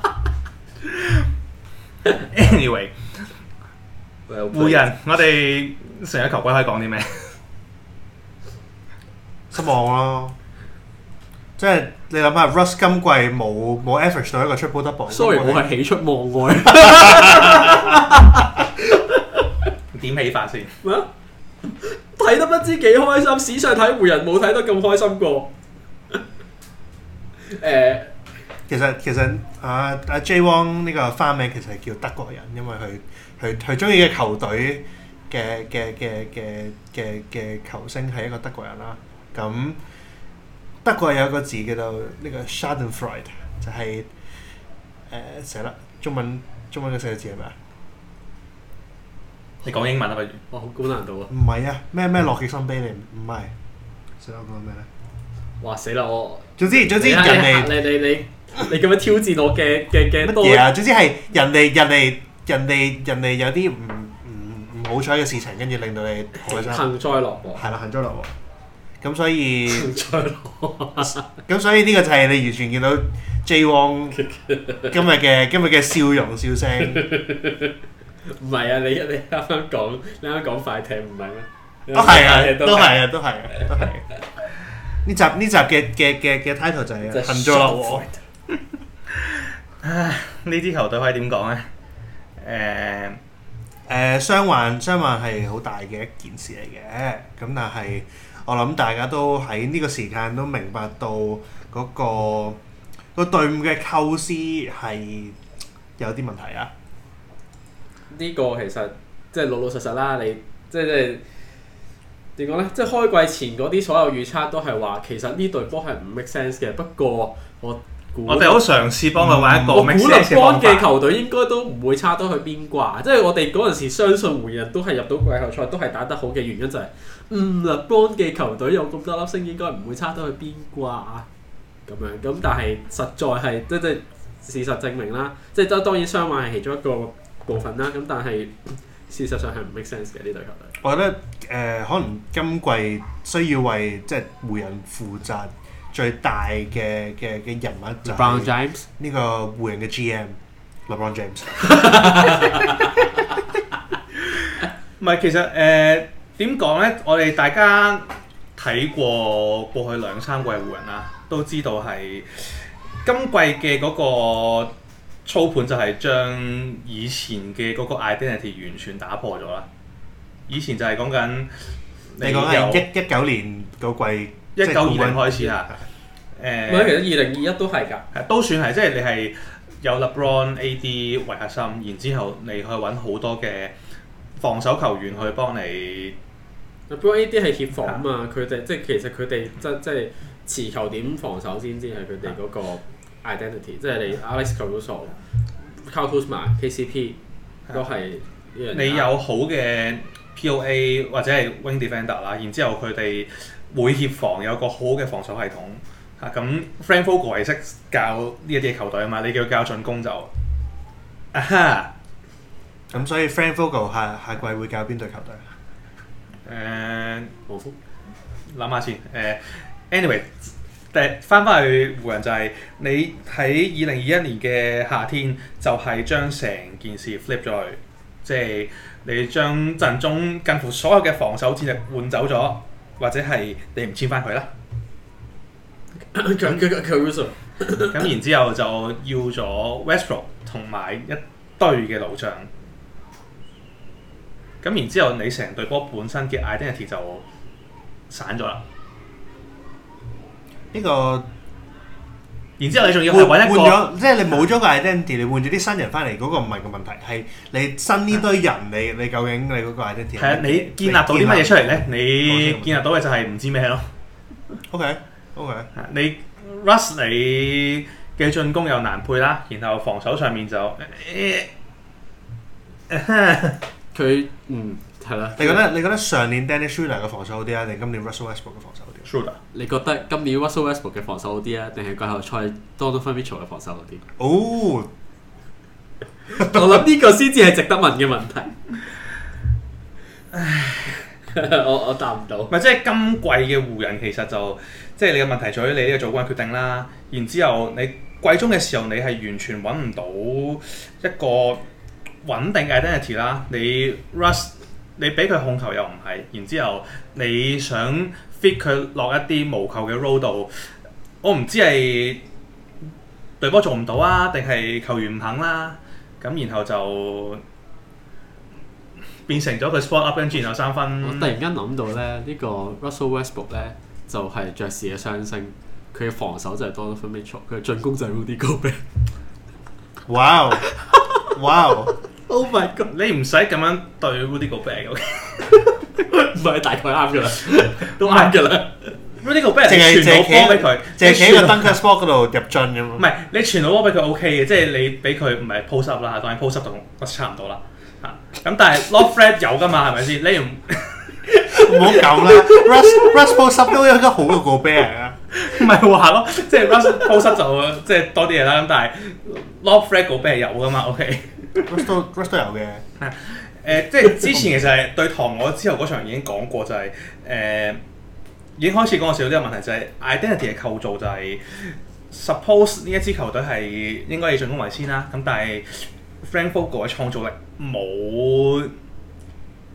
Anyway，湖人，我哋成個球鬼可以講啲咩？失望咯，即係你諗下，Russ 今季冇冇 average 到一個 triple double，所以我係喜出望外。點啟發先？睇得不知幾開心，史上睇湖人冇睇得咁開心過。誒。其實其實阿阿 J. 汪呢個花名其實係叫德國人，因為佢佢佢中意嘅球隊嘅嘅嘅嘅嘅嘅球星係一個德國人啦。咁德國有一個字叫做呢個 Schadenfreude 就係誒死啦！中文中文嘅寫字係咩啊？你講英文啊？不如？哦，我好高難度啊！唔係啊？咩咩樂極生悲你，唔係。死啦！講咩咧？哇死啦我！總之總之人哋你你你你咁樣挑戰我嘅嘅嘅乜嘢啊？總之係人哋人哋人哋人哋有啲唔唔唔好彩嘅事情，跟住令到你幸災樂禍係啦，幸災樂禍。咁所以幸災樂咁所以呢個就係你完全見到 J 王今日嘅今日嘅笑容笑聲。唔係啊，你你啱啱講你啱啱講快艇唔係咩？都係啊，都係啊，都係啊，都係。呢集呢集嘅嘅嘅嘅 title 就係《恆州狼王》呃。呢啲球隊可以點講咧？誒誒，傷患傷患係好大嘅一件事嚟嘅。咁但係我諗大家都喺呢個時間都明白到嗰、那個個隊伍嘅構思係有啲問題啊！呢個其實即係老老實實啦，你即係。點講咧？即係開季前嗰啲所有預測都係話，其實呢隊波係唔 make sense 嘅。不過我我哋好嘗試幫佢玩一個 make sense 嘅球隊，應該都唔會差多去邊啩。 即係我哋嗰陣時相信湖人都係入到季後賽，都係打得好嘅原因就係、是，嗯，LeBron 嘅球隊有咁多粒星，應該唔會差多去邊啩。咁樣咁，但係實在係即係即事實證明啦。即係當然，傷病係其中一個部分啦。咁但係。事實上係唔 make sense 嘅呢隊球隊。我覺得誒、呃，可能今季需要為即係湖人負責最大嘅嘅嘅人物就係、是、LeBron James 呢個湖人嘅 GM，LeBron James。唔係，其實誒點講咧？我哋大家睇過過去兩三季湖人啦，都知道係今季嘅嗰、個操盤就係將以前嘅嗰個 identity 完全打破咗啦。以前就係講緊，你講緊一一九年個季一九二零開始嚇，誒，其實二零二一都係㗎，都算係，即係你係有 LeBron AD 為核心，然之後你去揾好多嘅防守球員去幫你。LeBron AD 係協防啊嘛，佢哋的即係其實佢哋即即係持球點防守先，先係佢哋嗰個。identity 即係你 Alex Caruso、Kuzma KCP 都係一樣。你有好嘅 POA 或者係 Wing Defender 啦，然之後佢哋會協防，有個好嘅防守系統嚇。咁、啊、Frank Vogel 係識教呢一啲球隊啊嘛，你叫佢教進攻就咁、啊、所以 Frank Vogel 下下季會教邊隊球隊？誒、uh, 服，諗下先誒。Uh, anyway。誒，翻翻去湖人，就係你喺二零二一年嘅夏天，就係將成件事 flip 咗去，即係你將陣中近乎所有嘅防守戰力換走咗，或者係你唔簽翻佢啦。咁然之後就要咗 Westbrook 同埋一堆嘅老將，咁然後你成隊波本身嘅 identity 就散咗啦。呢、這個然之後你仲要換咗，即係你冇咗個 identity 你換咗啲新人翻嚟，那個唔係個問題，係你新呢堆人， 你你究竟你個 identity 係啊，你建立到啲乜嘢出嚟咧？ okay, okay. 你建立到嘅就係唔知咩咯。OK，OK，你 Russ 你嘅進攻又難配啦，然後防守上面就，佢 嗯係啦。你覺得你覺得上年 Dennis Schröder 嘅防守好啲啊？定今年 Russell Westbrook、ok、嘅防守？True? 你覺得今年 Russell Westbrook、ok、嘅防守好啲啊，定係季後賽 Donovan Mitchell 嘅防守好啲？哦，oh. 我諗呢個先至係值得問嘅問題。唉， 我我答唔到。咪即係今季嘅湖人其實就即係你嘅問題，在於你呢個組軍決定啦。然之後你季中嘅時候，你係完全揾唔到一個穩定嘅 identity 啦。你 Russ，你俾佢控球又唔係，然之後你想。逼佢落一啲無球嘅 road 度，我唔知係隊波做唔到啊，定係球員唔肯啦、啊。咁然後就變成咗佢 spot up 跟住我然後有三分。我突然間諗到咧，這個 ok、呢個 Russell Westbrook 咧就係、是、爵士嘅雙星，佢嘅防守就係 Donovan Mitchell，佢嘅進攻就係 Rudy Gobert。Wow! o、wow. h、oh、my God！你唔使咁樣對 Rudy Gobert 嘅、okay? 唔係 大概啱噶啦，都啱噶啦。咁呢只 個 bear 淨係淨係波俾佢，淨係喺個 dunk spot 嗰度入樽咁。唔係你傳到波俾佢 O K 嘅，即係你俾佢唔係 post up 啦，當然 post up 同都差唔多啦。吓、啊、咁但係 love fred 有噶嘛，係咪先？ 你唔唔好搞啦。Russ Russ post up 都應該好過個 bear 啊。唔係 話咯，即係 Russ post up 就即係多啲嘢啦。咁但係 love fred 個 bear 有噶嘛？O K，Russ Russ 都有嘅。 誒、呃，即係之前其實係對唐我之後嗰場已經講過、就是，就係誒已經開始講我少啲嘅問題，就係、是、identity 嘅構造就係、是、suppose 呢一支球隊係應該以進攻為先啦，咁但係 Frank Vogel 嘅創造力冇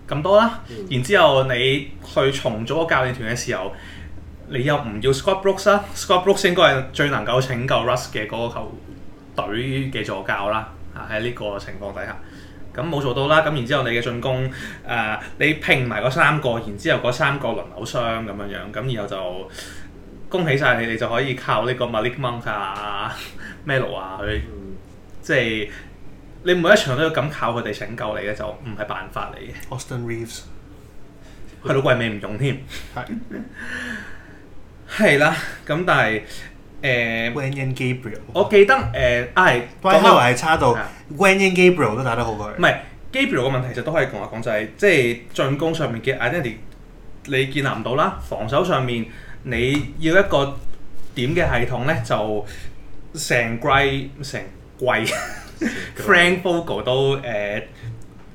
咁多啦。嗯、然之後你去重組個教練團嘅時候，你又唔要 Scott Brooks 啦，Scott Brooks 應該係最能夠拯救 Russ 嘅嗰個球隊嘅助教啦。啊，喺呢個情況底下。咁冇做到啦，咁然之後你嘅進攻，誒、呃、你拼埋個三個，然之後個三個輪流傷咁樣樣，咁然後就恭喜晒你，哋，就可以靠呢個 Malik Monk 啊、Melo 啊去，即係、嗯就是、你每一場都要咁靠佢哋拯救你嘅，就唔係辦法嚟嘅。Austin Reaves，去到季尾唔用添，係啦， 咁但係。誒 Wenyen Gabriel，我記得誒，阿係當家維係差到 Wenyen Gabriel 都打得好過佢，唔係 Gabriel 嘅問題，就都可以同我講，就係即係進攻上面嘅 identity 你建立唔到啦。防守上面你要一個點嘅系統咧，就成季成季、mm hmm. Frank Vogel 都誒、uh,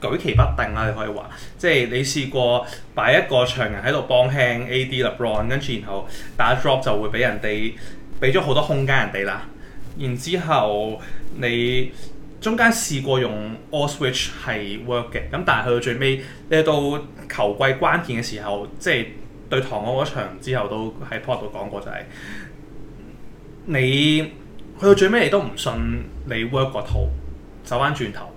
舉棋不定啦。你可以話，即、就、係、是、你試過擺一個長人喺度幫輕 AD LeBron，跟住然後打 Drop 就會俾人哋。俾咗好多空間人哋啦，然之後你中間試過用 All Switch 係 work 嘅，咁但係去到最尾，你到球季關鍵嘅時候，即係對塘鵝嗰場之後，都喺 pod 度講過就係、是、你去到最尾，你都唔信你 work 嗰套，走返轉頭。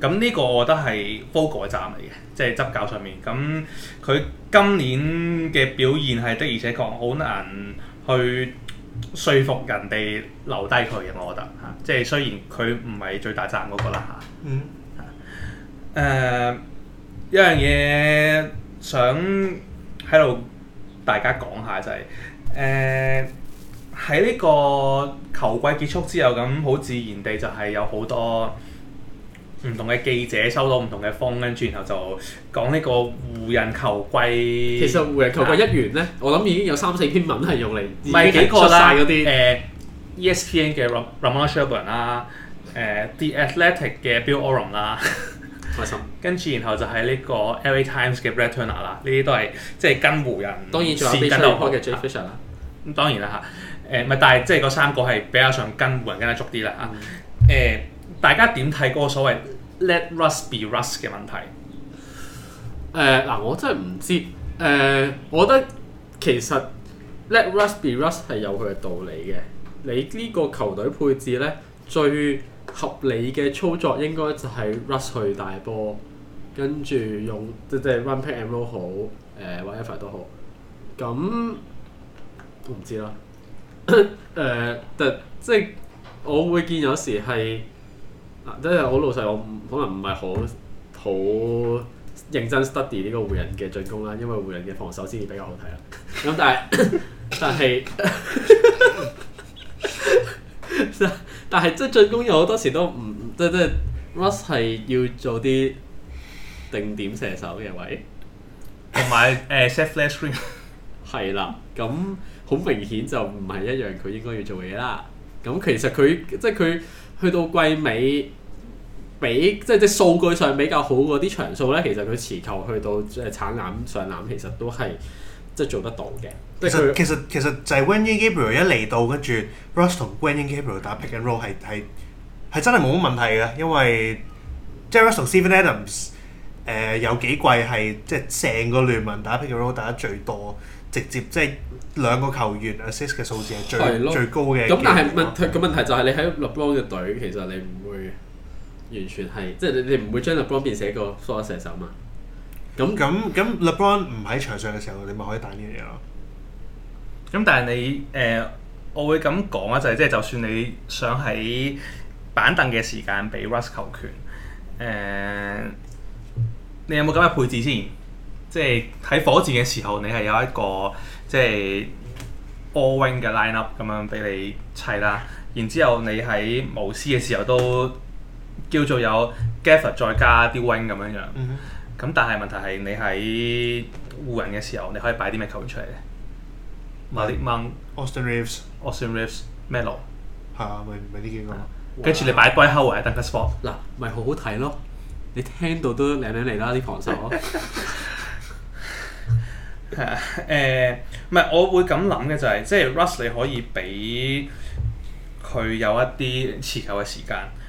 咁呢個我覺得係僕改站嚟嘅，即係執教上面。咁佢今年嘅表現係的，而且確好難去。說服人哋留低佢嘅，我覺得嚇、啊，即係雖然佢唔係最大賺嗰、那個啦嚇。啊、嗯嚇，誒一、啊、樣嘢想喺度大家講下就係誒喺呢個球季結束之後咁，好自然地就係有好多。唔同嘅記者收到唔同嘅風，跟住然後就講呢個湖人球季。其實湖人球季一完咧，我諗已經有三四篇文係用嚟唔咪幾個啦。誒，ESPN 嘅 Ram Ramona Shelburne 啊，誒 The Athletic 嘅 Bill Oram 啦，開心。跟住然後就係呢個 LA Times 嘅 Brad Turner 啦，呢啲都係即係跟湖人。當然仲有 Philadelphia 嘅 Jay Fisher 啦。咁當然啦嚇，誒咪但係即係嗰三個係比較想跟湖人跟得足啲啦嚇，誒。大家點睇嗰個所謂 let Russ be Russ 嘅問題？誒嗱、呃，我真係唔知。誒、呃，我覺得其實 let Russ be Russ 係有佢嘅道理嘅。你呢個球隊配置咧，最合理嘅操作應該就係 Russ 去大波，跟住用即係 running and roll 好，誒、呃、whatever 都好。咁我唔知啦。誒、 呃，that, 即係我會見有時係。即真係好老實，我可能唔係好好認真 study 呢個湖人嘅進攻啦，因為湖人嘅防守先至比較好睇啦。咁、嗯、但係 但係但係即係進攻有好多時都唔即即係 Russ 係要做啲定點射手嘅位，同埋誒 set flat screen 係啦。咁、呃、好 明顯就唔係一樣佢應該要做嘢啦。咁其實佢即係佢去到季尾。比即係即係數據上比較好嗰啲場數咧，其實佢持球去到即係搶籃上籃，其實都係即係做得到嘅。是他其實其實他其實就係 Wenyen Gabriel 一嚟到，跟住 Russ 同 Wenyen Gabriel 打 Pick and Roll 係係係真係冇乜問題嘅，因為即係 Russ 同 Steven Adams 誒、呃、有幾季係即係成個聯盟打 Pick and Roll 打得最多，直接即係兩個球員 Assist 嘅數字係最咯最高嘅是。咁但係問佢個問題就係你喺 LeBron 嘅隊，其實你唔會。完全係，即係你你唔會將 LeBron 變成一個 spot-up 射手嘛？咁咁咁 LeBron 唔喺場上嘅時候，你咪可以帶呢樣嘢囉。咁、嗯、但係你誒、呃，我會咁講啊，就係即係就算你想喺板凳嘅時間俾 Russ 球權，誒、呃，你有冇咁嘅配置先？即係喺火箭嘅時候，你係有一個即係、就是、All Wing 嘅 Lineup 咁樣俾你砌啦。然之後你喺無私嘅時候都。叫做有 Gafford 再加啲 wing 咁樣樣，咁但係問題係你喺湖人嘅時候，你可以擺啲咩球出嚟咧？Malik Monk、Austin Reaves、Austin Reaves 咩路？係咪咪啲幾個？跟住你擺多一刻喎，但係 sport 嗱咪好好睇咯，你聽到都靚靚嚟啦啲防守。係啊，誒唔係我會咁諗嘅就係，即係 Russ 你可以俾佢有一啲持久嘅時間。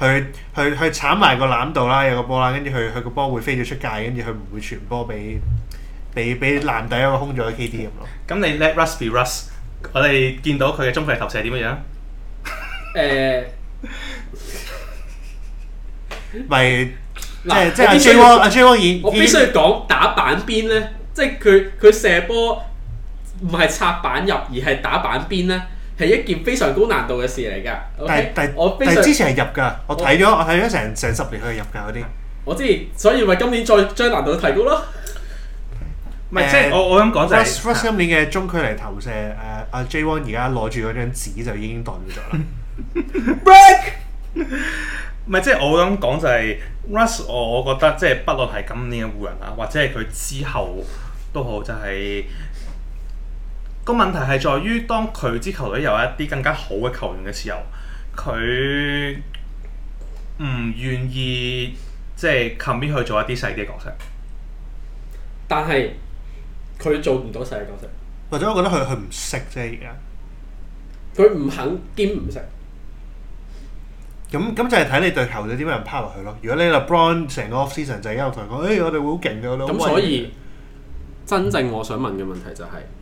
去，去，去鏟埋個籃度啦，有個波啦，跟住佢佢個波會飛咗出界，跟住佢唔會傳波俾俾俾籃底嗰個空咗 K D 咁咯。咁、嗯、你 Let Russ be Russ，我哋見到佢嘅中距離投射點樣？誒，咪嗱，即係阿 J 汪阿 J 汪已，我必須要講打板邊咧，即係佢佢射波唔係插板入，而係打板邊咧。係一件非常高難度嘅事嚟噶，但但我但係之前係入噶，我睇咗我睇咗成成十年去入噶嗰啲，我知，所以咪今年再將難度提高咯。唔係，即係我我咁講就係，Russ 今年嘅中距離投射，誒阿 J One 而家攞住嗰張紙就已經斷咗啦。Break。唔係，即係我咁講就係，Russ，我我覺得即係不論係今年嘅湖人啊，或者係佢之後都好，就係。個問題係在於，當佢支球隊有一啲更加好嘅球員嘅時候，佢唔願意即係 commit 去做一啲細啲嘅角色。但係佢做唔到細嘅角色，或者我覺得佢佢唔識啫，而家佢唔肯兼唔識。咁咁就係睇你對球隊點樣拋落去咯。如果你 LeBron 成個 offseason 就喺一路同佢講，誒、欸，我哋會好勁㗎咯。咁所以真正我想問嘅問題就係，是。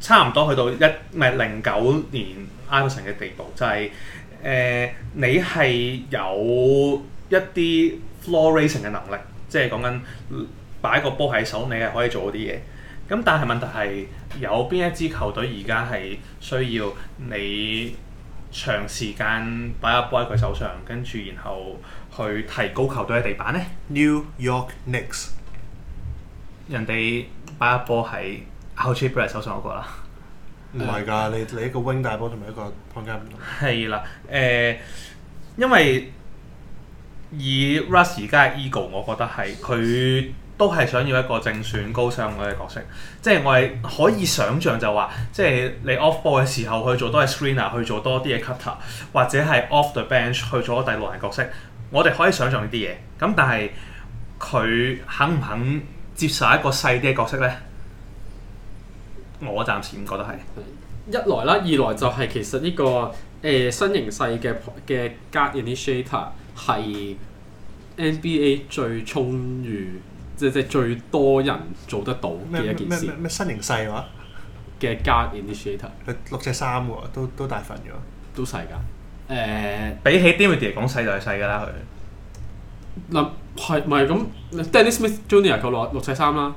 差唔多去到一唔係零九年 Iron 嘅地步，就係誒你係有一啲 floor raising 嘅能力，即係講緊擺個波喺手，你係可以做嗰啲嘢。咁但係問題係有邊一支球隊而家係需要你長時間擺一波喺佢手上，跟住然後去提高球隊嘅地板咧？New York Knicks，人哋擺一波喺。好似俾嚟手上嗰個啦，唔係㗎，你你一個 wing 大波同埋一個 point guard 係啦，誒、呃，因為以 Russ 而家係 ego，我覺得係佢都係想要一個正選高傷嗰個角色，即係我係可以想象就話，即係你 off ball 嘅時候去做多嘅 screener，去做多啲嘅 cutter，或者係 off the bench 去做第六人角色，我哋可以想象呢啲嘢，咁但係佢肯唔肯接受一個細啲嘅角色咧？我暫時唔覺得係。一來啦，二來就係其實呢、這個誒新型勢嘅嘅 guard initiator 係 NBA 最充裕，即即最多人做得到嘅一件事。咩新形勢話、啊？嘅 guard initiator 佢六尺三喎，都都大份咗，都細㗎。誒，比起 Dimitri 嚟講細就係細㗎啦，佢。嗱，係咪咁 Dennis Smith Junior 佢六六尺三啦、啊？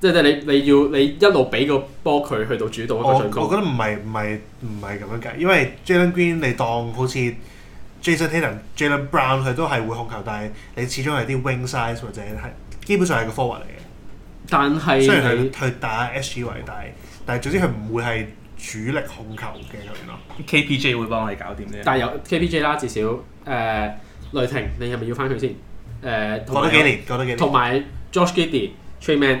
即係你你要你一路俾個波佢去到主導嗰個進攻。我我覺得唔係唔係唔係咁樣計，因為 Jalen Green 你當好似 Jason Tatum、um, Jalen Brown 佢都係會控球，但係你始終係啲 wing size 或者係基本上係個 forward 嚟嘅。但係雖然佢佢打 SG 位，但係但係總之佢唔會係主力控球嘅球員咯。K P J 會幫我哋搞掂呢。但係有 K P J 啦，至少誒、呃、雷霆你係咪要翻佢先？誒過多幾年，過多幾年。同埋 Josh Giddy 有、dy, Tre Mann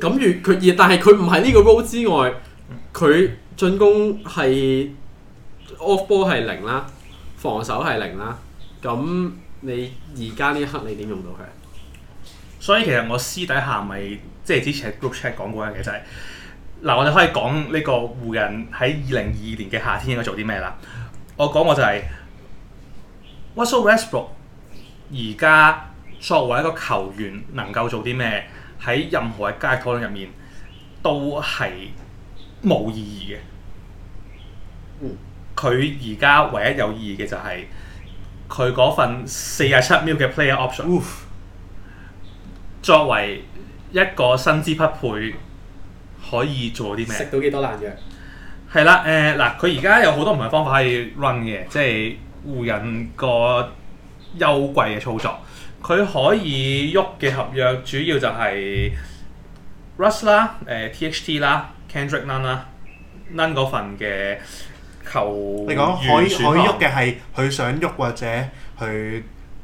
咁如佢而，但係佢唔係呢個 role 之外，佢進攻係 off ball 係零啦，防守係零啦。咁你而家呢一刻你點用到佢？所以其實我私底下咪即係之前喺 group chat 講過一樣嘢，就係，嗱我哋可以講呢個湖人喺二零二二年嘅夏天應該做啲咩啦。我講過就係 Russell Westbrook、ok? 而家作為一個球員能夠做啲咩？喺任何嘅街頭入面都係冇意義嘅。佢而家唯一有意義嘅就係佢嗰份四廿七秒嘅 player option、呃。作為一個薪資匹配，可以做啲咩？食到幾多爛藥？係啦，誒、呃、嗱，佢而家有好多唔同嘅方法可以 run 嘅，即係湖人個休季嘅操作。佢可以喐嘅合約主要就係 Russ 啦、呃、誒 THT 啦、Kendrick Nunn 啦、Nunn 嗰份嘅球。你講可以喐嘅係佢想喐或者佢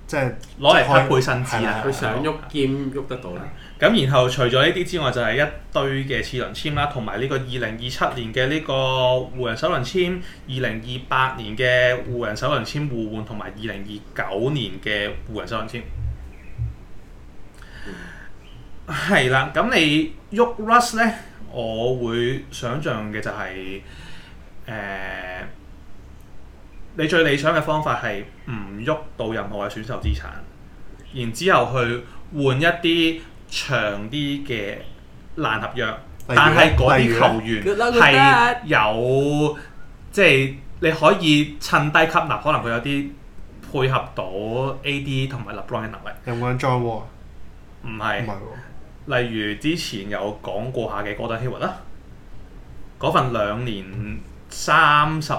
即係攞嚟匹配新簽。係佢的的想喐兼喐得到啦。咁然後除咗呢啲之外，就係一堆嘅次輪簽啦，同埋呢個二零二七年嘅呢個湖人首輪簽，二零二八年嘅湖人首輪簽互換，同埋二零二九年嘅湖人首輪簽。係啦，咁你喐 Russ 咧，我會想象嘅就係、是、誒、呃，你最理想嘅方法係唔喐到任何嘅選手資產，然之後去換一啲長啲嘅爛合約，如但係嗰啲球員係如有即係你可以趁低吸納，可能佢有啲配合到 A.D. 同埋 LeBron 嘅能力。有冇人 join 喎？唔係是。例如之前有講過下嘅哥登希沃啦，嗰份兩年三十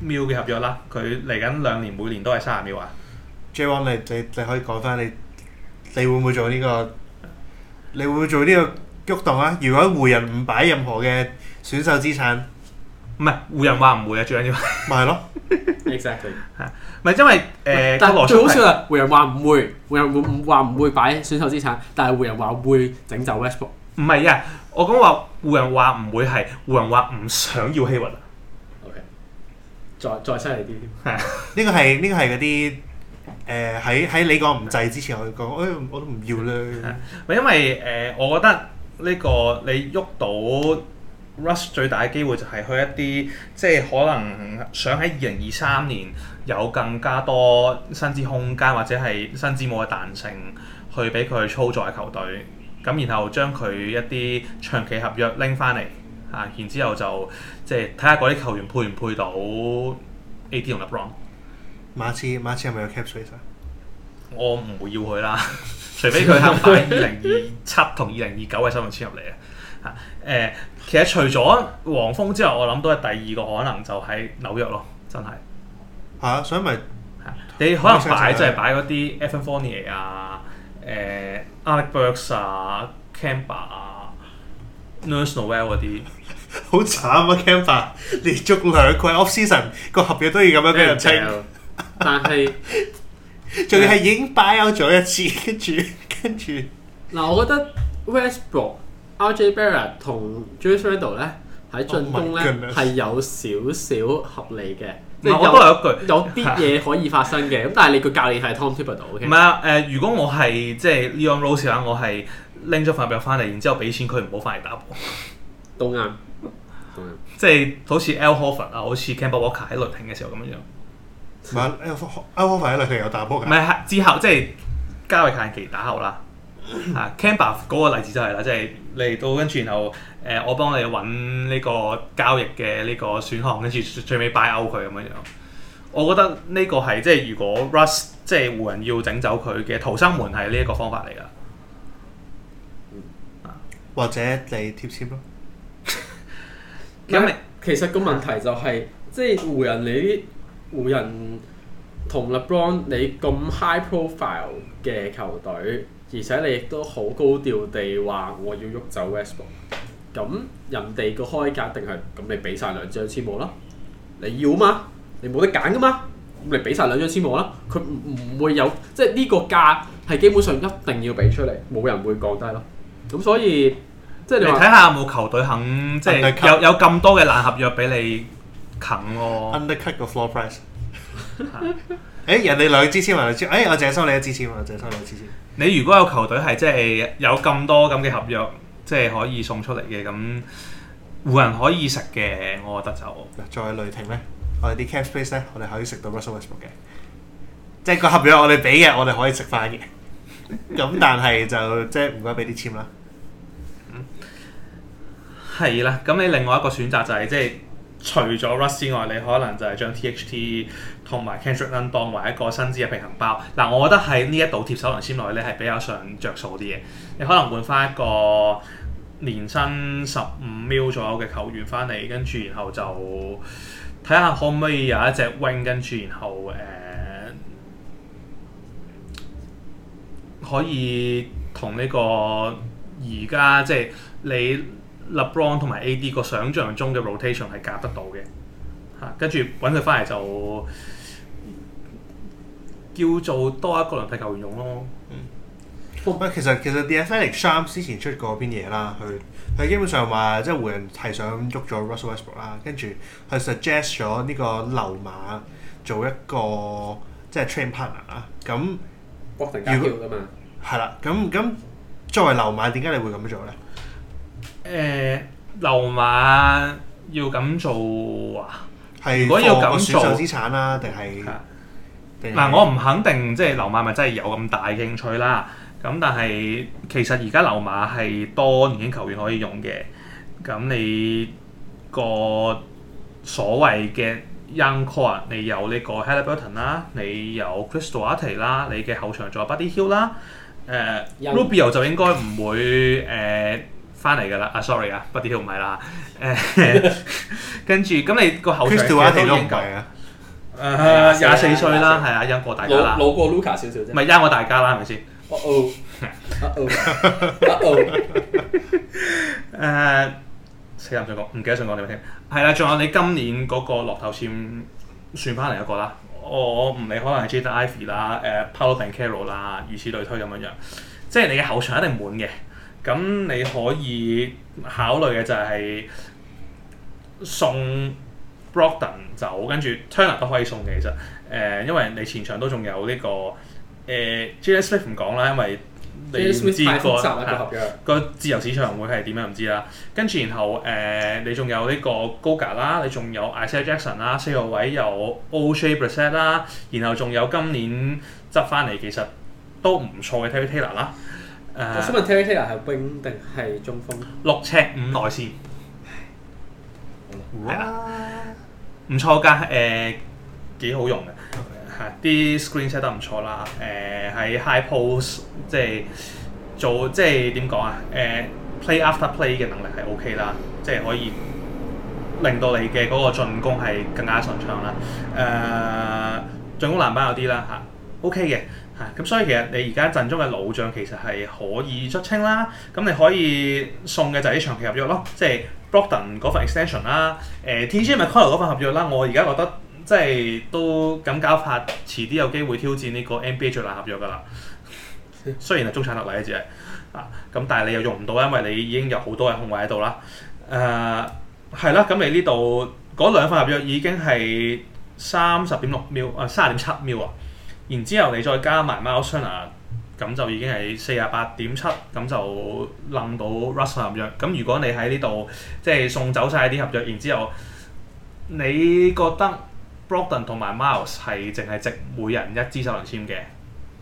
秒嘅合約啦，佢嚟緊兩年每年都係三十秒啊 Jon 你你你可以講翻你，你會唔會做呢、呢個？你會唔會做呢個舉動啊？如果湖人唔擺任何嘅選秀資產？唔係湖人話唔會啊，最緊要咪係咯，exactly 係咪因為誒？但係最好笑啊！湖人話唔會，湖人會唔話唔會擺選秀資產，但係湖人話會整走 Westbrook。唔係啊，我講話湖人話唔會係湖人話唔想要希雲。O.K. 再再犀利啲，係啊！呢個係呢個係嗰啲誒，喺喺你講唔制之前，我講誒，我都唔要啦。唔係因為誒，我覺得呢個你喐到。Russ 最大嘅機會就係去一啲，即係可能想喺二零二三年有更加多薪資空間，或者係薪資冇嘅彈性，去俾佢操作嘅球隊。咁然後將佢一啲長期合約拎翻嚟，啊，然之後就即係睇下嗰啲球員配唔配到 AD 同 LeBron。馬刺馬刺係咪有 cap space？我唔會要佢啦，除非佢肯買二零二七同二零二九嘅首輪簽入嚟啊！誒、呃。其實除咗黃蜂之外，我諗都係第二個可能就喺紐約咯，真係。係啊，所以咪， 你可能擺、嗯、就係擺嗰啲、Evan Fournier 啊、誒、呃、Alex Burks 啊、Camber 啊、Nurs Noel 嗰啲。好慘啊！Camber 連續兩季 off season 個合約都要咁樣俾人清。 但係仲要係已經 buy 咗一次，跟住跟住。嗱、啊，我覺得 Westbrook。RJ Barrett 同 Julius Randle 咧，喺進攻咧係有少少合理嘅，即係、嗯、我都係一句有啲嘢可以發生嘅。咁 但係你個教練係 Tom Thibodeau 度，唔係啊？誒、呃，如果我係即係、就是、Leon Rose 嘅話，我係拎咗份表翻嚟，然之後俾錢佢唔好翻嚟打波，都啱對，即係 好似 Al Horford 啊，好似 Kemba Walker 喺雷霆嘅時候咁樣樣，唔係 Al H, Horford 喺雷霆有打波嘅。唔係、嗯、之後即係、就是、加維近期打後啦，Kemba 嗰個例子就係、是、啦，即、就、係、是。就是就是嚟到跟住然後誒、呃，我幫你揾呢個交易嘅呢個選項，跟住最尾 buy out 佢咁樣樣。我覺得呢個係即係如果 Russ 即係湖人要整走佢嘅逃生門係呢一個方法嚟㗎。嗯、或者你貼錢咯。 因為你 其實個問題就係、是、即係湖人你啲湖人同 LeBron 你咁 high profile 嘅球隊。而且你亦都好高調地話我要喐走 Westbrook 咁，人哋個開價定係咁？你俾晒兩張籤模啦，你要啊嘛？你冇得揀噶嘛？你俾晒兩張籤模啦，佢唔會有即係呢個價，係基本上一定要俾出嚟，冇人會降低咯。咁所以即係你睇下有冇球隊肯即係、就是、有 Under cut. 有咁多嘅爛合約俾你啃咯、啊。undercut 個 floor price 哎，人哋兩支籤啊，兩支哎，我淨收你一支籤，我淨收你一支籤。你如果有球隊係即係有咁多咁嘅合約，即係可以送出嚟嘅咁，湖人可以食嘅，我覺得就，再雷霆咧，我哋啲 cap space 咧，我哋可以食到 Russell Westbrook 嘅，即係個合約我哋俾嘅，我哋可以食翻嘅。咁 但係就即係唔該俾啲籤啦。嗯，係啦。咁你另外一個選擇就係、是、即係。除咗 Russ 之外，你可能就係將 THT 同埋 Kendrick Nunn 當作為一個薪資嘅平衡包。嗱、啊，我覺得喺呢一度貼首輪籤落去咧，係比較上着數啲嘅。你可能換翻一個年薪十五 mil 左右嘅球員翻嚟，跟住然後就睇下可唔可以有一隻 wing，跟住然後誒、uh, 可以同呢個而家即係你。LeBron 同埋 AD 個想像中嘅 rotation 係夾得到嘅，嚇跟住揾佢翻嚟就叫做多一個輪替球員用咯。嗯，喂、哦，其實其實 The Athletic 之前出過篇嘢啦，佢佢基本上話即係湖人係想喐咗 Russell Westbrook、ok、啦，跟住佢 suggest 咗呢個流馬做一個即係 train partner 啊，咁 working together 㗎嘛。係啦，咁咁作為流馬點解你會咁做咧？誒，流、呃、馬要咁做啊？係，如果要咁做，選秀資產啦，定係？嗱、啊，我唔肯定，即係流馬咪真係有咁大興趣啦。咁但係，其實而家流馬係多年輕球員可以用嘅。咁你個所謂嘅 young core 啊，你有呢個 Haliburton 啦，你有 Chris Duarte 啦，你嘅後場仲有 Buddy Hield 啦、呃。誒 Young.，Rubio 就應該唔會誒。呃翻嚟噶啦，啊，sorry 啊不 o d 唔係啦，誒、like, 啊，跟住咁你嗰個後場一定都唔夠 啊，誒，廿四歲啦，係 啊，因過大家啦，老過 Luka 少少啫，唔係因過大家啦，係咪先？哦哦，哦哦，哦哦，誒，死啦！唔想講，唔記得想講你樣聽，係啦，仲有你今年嗰個落頭線算翻嚟一個啦，我我唔理可能係 Jaden Ivey 啦，uh, 誒 Paolo Banchero 啦，如此類推咁樣樣，即、就、係、是、你嘅後場一定滿嘅。咁你可以考慮嘅就係送 Brogdon a 走，跟住 Turner 都可以送嘅。其實誒，因為你前場都仲有呢、這個誒、呃、Jalen Smith 唔講啦，因為你知、那個個自由市場會係點樣唔知啦。跟住然後誒、呃，你仲有呢個 Goga 啦，你仲有 Isaiah Jackson 啦，四個位有 Oshae Brissett 啦，然後仲有今年執翻嚟其實都唔錯嘅 Taylor 啦。Uh, 我想問 Terry Taylor 係冰定係中鋒，六尺五內線，唔 錯噶，誒、呃、幾好用嘅嚇，啲 Okay.、啊、screen set 都唔錯啦，誒、呃、喺 high post 即係做即係點講啊？誒、呃、play after play 嘅能力係 OK 啦，即、就、係、是、可以令到你嘅嗰個進攻係更加順暢、呃、啦，誒進攻籃板有啲啦嚇，OK 嘅。嚇咁、啊、所以其實你而家陣中嘅老將其實係可以出清啦，咁你可以送嘅就係啲長期合約咯，即係 Brookton 嗰份 extension 啦，誒 TJ 麥考爾嗰份合約啦，我而家覺得即係都咁搞法，遲啲有機會挑戰呢個 NBA 最難合約㗎啦。雖然係中產特例嘅啫，啊咁但係你又用唔到，因為你已經有好多嘅控衞喺度啦。誒係啦，咁你呢度嗰兩份合約已經係三十點六秒啊，三十點七秒啊。然之後你再加埋 Miles，China，咁就已經係四十八點七，咁就冧到 Russell 合約。咁如果你喺呢度即係送走晒啲合約，然之後你覺得 Broden 同埋 Miles 係淨係值每人一支首輪簽嘅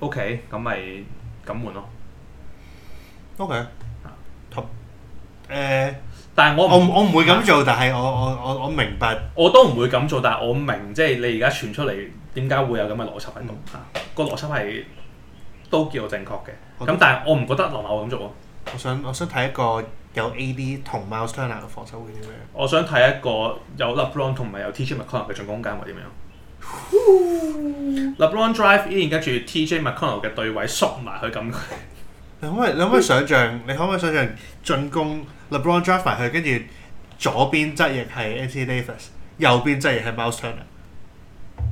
？OK，咁咪咁換咯。OK，啊、uh 但係我我我唔會咁做，但係我我我我明白，我都唔會咁做，但係我明即係、就是、你而家傳出嚟點解會有咁嘅邏輯喺度嚇？個、嗯啊、邏輯係都叫做正確嘅。咁我但係我唔覺得劉劉會咁做，我想我想睇一個有 A. D. 同 m o u s e t u r n e 嘅防守會點樣？我想睇一個有 LeBron 同埋有 T. J. McConnell 嘅進攻間會點樣 ？LeBron drive 依然跟住 T. J. McConnell 嘅對位縮埋佢咁。你可唔可以你可以想象？你可唔可以想象進攻？LeBron drive 埋去，佢跟住左邊側翼係 Anthony Davis，右邊側翼係 Myles Turner，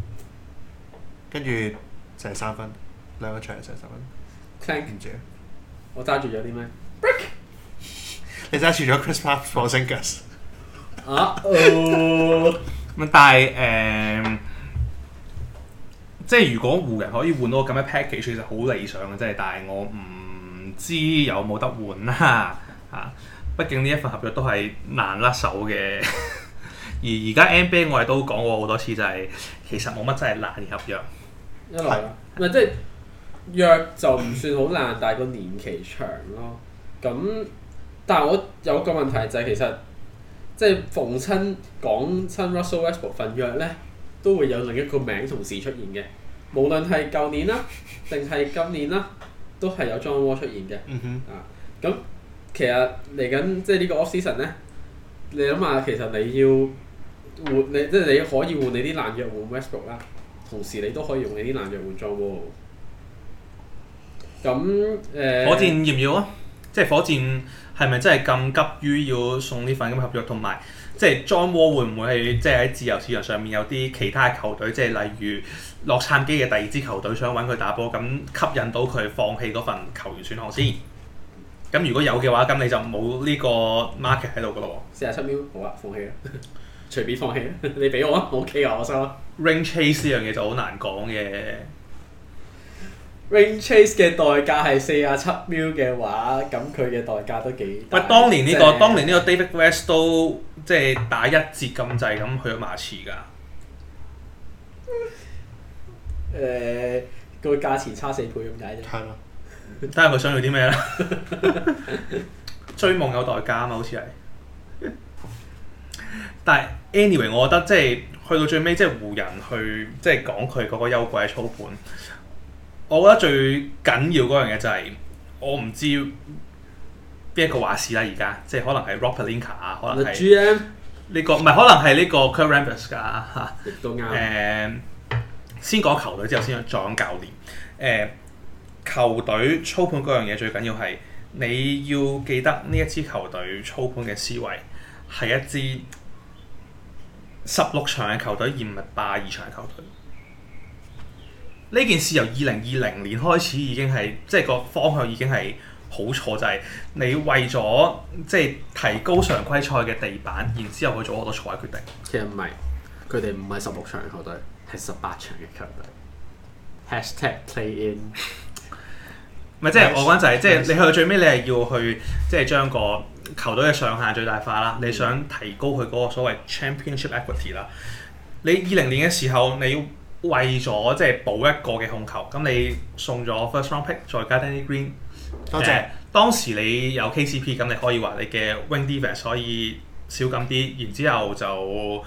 跟住成三分，兩個場成三分。Thank 唔住，我揸住咗啲咩？Brick，你揸住咗 Chris Paul、Stephen Curry 啊？咁但係誒，即係如果湖人可以換到咁樣嘅 package，其實好理想嘅即係，但係我唔知有冇得換啦嚇。畢竟呢一份合約都係難甩手嘅， 而而家 NBA 我哋都講過好多次、就係，就係其實冇乜真係難合約，因為唔即係約就唔算好難，嗯、但係個年期長咯。咁，但我有個問題就係、係、其實即係逢親講親 Russell Westbrook 份約咧，都會有另一個名同時出現嘅，無論係舊年啦，定係今年啦，都係有 John Wall 出現嘅。嗯哼，啊咁。其實嚟緊即係呢個 option 咧，你諗下其實你要換，你即係你可以換你啲爛約換 Westbrook、ok、啦，同時你都可以用你啲爛約換裝喎。咁，誒、呃，火箭要唔要啊？即係火箭係咪真係咁急於要送呢份咁嘅合約？同埋即係 John Wall 會唔會係即係喺自由市場上面有啲其他球隊，即係例如洛杉磯嘅第二支球隊想揾佢打波，咁吸引到佢放棄嗰份球員選項先？咁如果有嘅話，咁你就冇呢個 market 喺度噶咯喎。四十七秒，好啦、啊，放棄啦， 隨便放棄啦， 你俾我，我 ok 啊，我收啦。Rain Chase 呢樣嘢就好難講嘅。Rain Chase 嘅代價係四十七秒嘅話，咁佢嘅代價都幾？喂、哎，當年呢、這個，當年呢個 David West 都即係、就是、打一折咁滯咁去咗馬刺噶。誒、嗯，個、呃、價錢差四倍咁解啫。係咯。睇下佢想要啲咩啦，追 夢有代價啊嘛，好似係。但係 anyway，我覺得即係去到最尾，即係湖人去即係講佢嗰個休季嘅操盤。我覺得最緊要嗰樣嘢就係我唔知邊一個話事啦。而家即係可能係 Rob Pelinka、er、啊，可能係 GM 呢個，唔係 The GM? 可能係呢個 Kurt Rambis 噶、啊、嚇。都啱、呃、先講球隊之後先再，再講教練誒。呃球隊操盤嗰樣嘢最緊要係你要記得呢一支球隊操盤嘅思維係一支十六場嘅球隊，而唔係八二場球隊。呢件事由二零二零年開始已經係即係個方向已經係好錯，就係、是、你為咗即係提高常規賽嘅地板，然之後去做好多錯嘅決定。其實唔係佢哋唔係十六場嘅球隊，係十八場嘅球隊。Hashtag play in 咪即係我講就係，即係 Nice. 你去到最尾，你係要去即係將個球隊嘅上限最大化啦。嗯、你想提高佢嗰個所謂 championship equity 啦、嗯。你二零年嘅時候，你為咗即係補一個嘅控球，咁你送咗 first round pick，再加 Danny Green 正。多正、嗯、當時你有 KCP，咁你可以話你嘅 wing defense，所以少咁啲。然之後就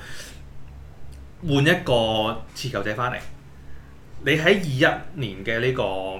換一個持球者翻嚟。你喺二一年嘅呢、這個。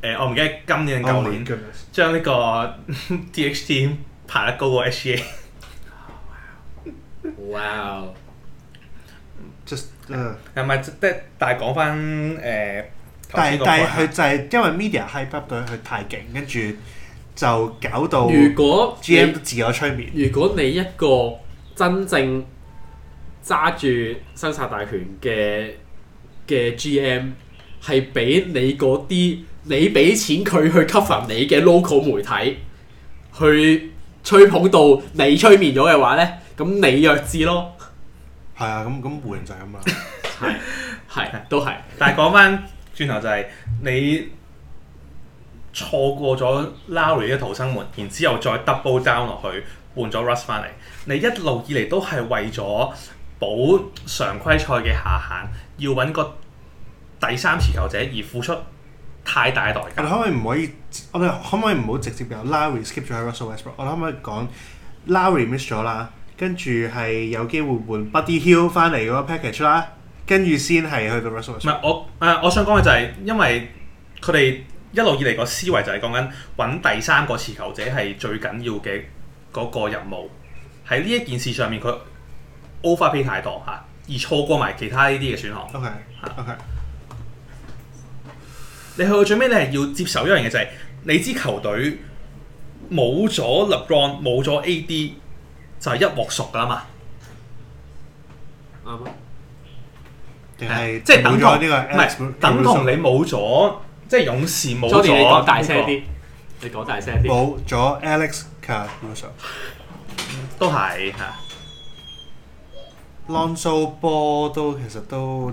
誒、呃，我唔記得今年今年將呢個 DHT 排得高過 SEA。哇！Just 嗯，咪即係，但係講翻誒，呃、但係是但係佢就係因為 media hype up 對佢太勁，跟住就搞到如果 GM 都自我催眠如。如果你一個真正揸住生殺大權嘅嘅 GM，係俾你嗰啲。你俾錢佢去 cover 你嘅 local 媒體，去吹捧到你催眠咗嘅話呢，咁你弱智咯。係啊，咁咁換人就係咁啦。係係 都係， 但係講翻轉頭就係、是、你錯過咗 Larry 嘅逃生門，然之後再 double down 落去換咗 Russ 翻嚟。你一路以嚟都係為咗保常規賽嘅下限，要揾個第三持球者而付出，太大代價。我哋可唔可以？我哋可唔可以唔好直接由 Lowry skip 咗喺 Russell Westbrook？Ok？我哋可唔可以講 Lowry miss 咗啦？跟住係有機會換 Buddy Hill 翻嚟嗰個 package 啦？跟住先係去到 Russell Westbrook，ok？唔係我誒、呃，我想講嘅就係因為佢哋一路以嚟個思維就係講緊揾第三個持球者係最緊要嘅嗰個任務。喺呢一件事上面，佢 overpay 太多嚇，而錯過埋其他呢啲嘅選項。OK，OK。你去到最尾，你係要接受一樣嘢就係、是，你支球隊冇咗 LeBron，冇咗 AD，就係一鑊熟噶啦嘛。啱啊、嗯。係的，即係等同，唔係 Alex 是等同你冇咗，即係勇士冇咗。你啲講大聲啲，你講大聲啲。冇咗 Alex Caruso，冇錯。都係嚇。Lonzo 波都其實都。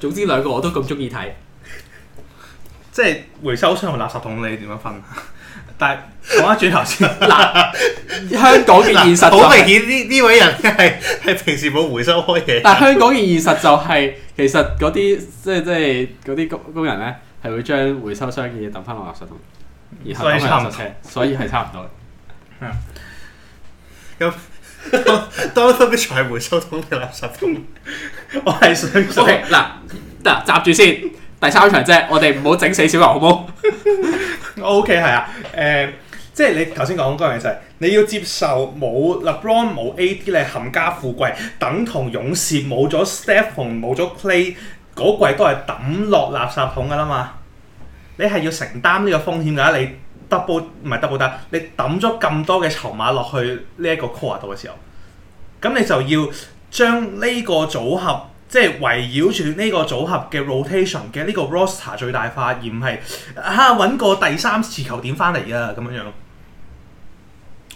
總之兩個我都咁中意睇，即係回收箱同垃圾桶你點樣分？ 但係講翻轉頭先，講講 香港嘅現實好明顯，呢呢位人係係平時冇回收開嘢。但香港嘅現實就係、是，其實嗰啲即係即係嗰啲工工人咧，係會將回收箱嘅嘢抌翻落垃圾桶，然後垃圾車所以係差唔多，差唔多。咁。 多多嘅係回收桶嘅垃圾桶？我係想 OK 嗱，得夾住先，第三場啫，我哋唔好整死小牛好唔好。O K 係啊，誒、呃，即係你頭先講嗰樣嘢你要接受冇 LeBron 冇 A D 咧，冚家富貴等同勇士冇咗 Steph 同冇咗 Klay 嗰季都係抌落垃圾桶噶啦嘛，你係要承擔呢個風險噶，你。double 唔係 double 但你抌咗咁多嘅籌碼落去呢一個 core 度嘅時候，咁你就要將呢個組合，即係圍繞住呢個組合嘅 rotation 嘅呢個 roster 最大化，而唔係啊，揾個第三持球點翻嚟啊！咁樣樣，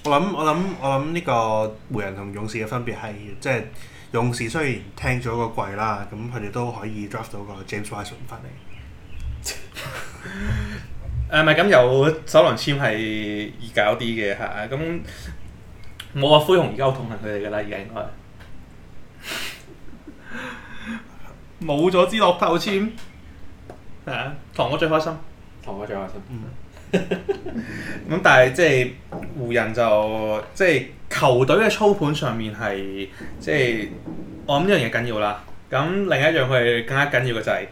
我諗我諗我諗呢個湖人同勇士嘅分別係，即係勇士雖然聽咗個季啦，咁佢哋都可以 draft 到個 James Wiseman 翻嚟。誒咪咁有首輪籤係易搞啲嘅嚇，咁冇話灰熊而家好痛恨佢哋噶啦，而家應該冇咗支樂透籤，係啊，唐哥最開心，唐哥最開心。咁 但係即係湖人就即係球隊嘅操盤上面係即係我諗呢樣嘢緊要啦。咁另一樣佢更加緊要嘅就係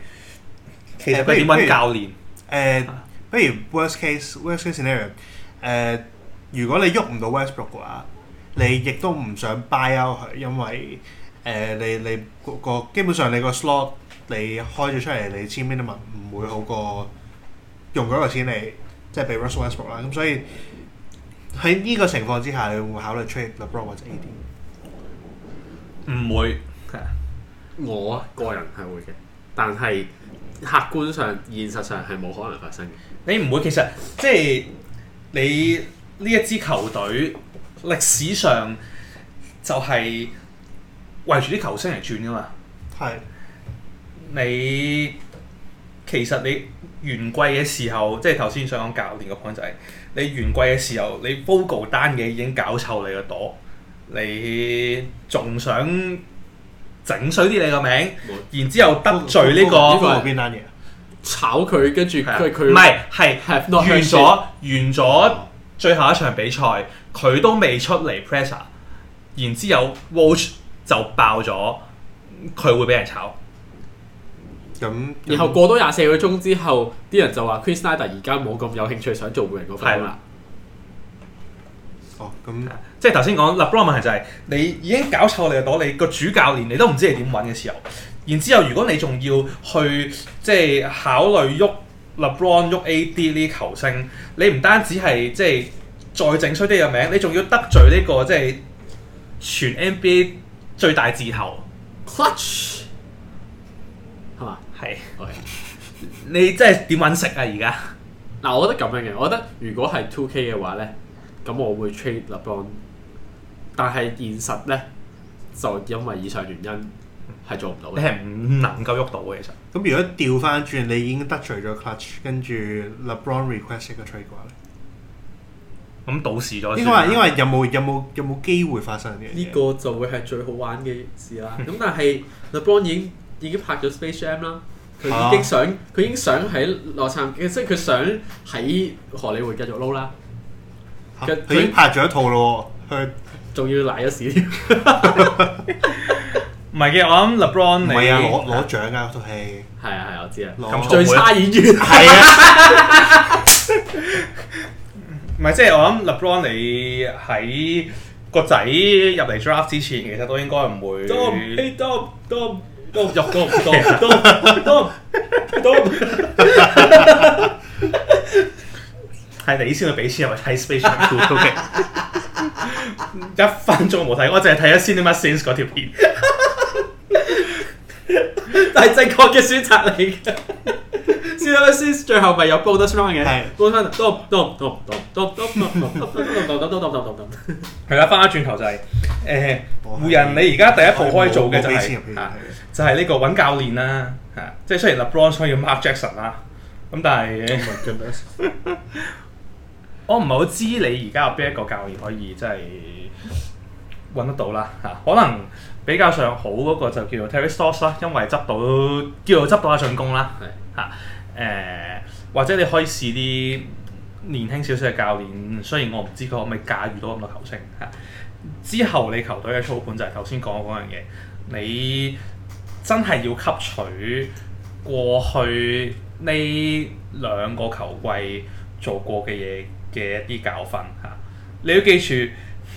其實佢點揾教練誒。不如 worst case worst case scenario，呃、如果你喐唔到 Westbrook、ok、嘅話，你亦都唔想 buy out 佢，因為誒、呃、你你個基本上你個 slot 你開咗出嚟，你簽 minimum 唔會好過用咗個錢嚟即係俾 Russell Westbrook、ok、啦。咁所以喺呢個情況之下，你會考慮 trade LeBron 或者 AD？唔會，我個人係會嘅，但係客觀上、現實上係冇可能發生嘅。你唔會，其實即係你呢一支球隊歷史上就係圍住啲球星嚟轉噶嘛。係的你其實你完季嘅時候，即係頭先想講教練個 point 就係、是、你完季嘅時候，你 follow 單嘢已經搞臭你個朵，你仲想整衰啲你個名，然之後得罪呢、這個邊單嘢？一炒佢跟住佢，佢唔係係完咗，完咗最後一場比賽，佢都未出嚟。presser，、er，然之後 Woj 就爆咗，佢會俾人炒。咁、嗯嗯、然後過多廿四個鐘之後，啲人就話 Chris 而家冇咁有興趣，想做湖人嗰份啦。哦，咁 即係頭先講 LeBron 問題就係、是、你已經搞錯嚟咗，你個主教練你都唔知係點揾嘅時候。然之後，如果你仲要去即係考慮喐 LeBron 喐 AD 呢啲球星，你唔單止係即係再整衰啲嘅名，你仲要得罪呢個即係全 NBA 最大字頭 Clutch 係嘛？係 OK，你即係點揾食啊？而家嗱，我覺得咁樣嘅，我覺得如果係 Two K 嘅話咧，咁我會 trade LeBron，但係現實咧就因為以上原因。係做唔到，你係唔能夠喐到嘅。其實，咁如果調翻轉，你已經得罪咗 clutch，跟住 LeBron requested 個 trade 咧，咁倒蝕咗。呢個，嗯，呢個有冇有冇有冇機會發生呢？呢個就會係最好玩嘅事啦。咁、嗯、但係 LeBron 已經已經拍咗 Space Jam 啦，佢已經想佢、啊、已經想喺洛杉即係佢想喺荷里活繼續撈啦。佢、啊、他已經拍咗一套咯，佢仲要瀨咗屎。 唔係嘅，我諗 LeBron 你啊，攞攞獎啊。套戲。係啊係，我知啊。咁最差演員係啊。唔係即係我諗 LeBron 你喺個仔入嚟 draft 之前，其實都應該唔會。多嘿多多多入多唔多。多多多係你先去俾錢係咪？睇。Space Jam。OK。一分鐘冇睇，我淨係睇《Cinema Scenes》嗰條片。係 正確嘅選擇嚟嘅，最後咪有高得穿嘅，係高穿，多多多多多多多多多多多多多，係啦的，翻翻轉頭就係、是、誒，湖、呃、是人你而家第一步可以做嘅就係，就係、是、呢個搵教練啦，吓、啊，即係雖然 LeBron 可以 Mark Jackson 啦，咁、啊、但係，哎、 我唔係好知你而家有邊一個教練可以即係搵得到啦，吓、啊啊，可能。比較上好嗰個就叫做 Terry Stotts 啦，因為執到叫做執到一進攻啦，嚇誒的、啊，或者你可以試啲年輕少少嘅教練，雖然我唔知佢可唔可以駕馭到咁多球星嚇、啊。之後你球隊嘅操盤就係頭先講嗰樣嘢，你真係要吸取過去呢兩個球季做過嘅嘢嘅一啲教訓嚇、啊。你要記住，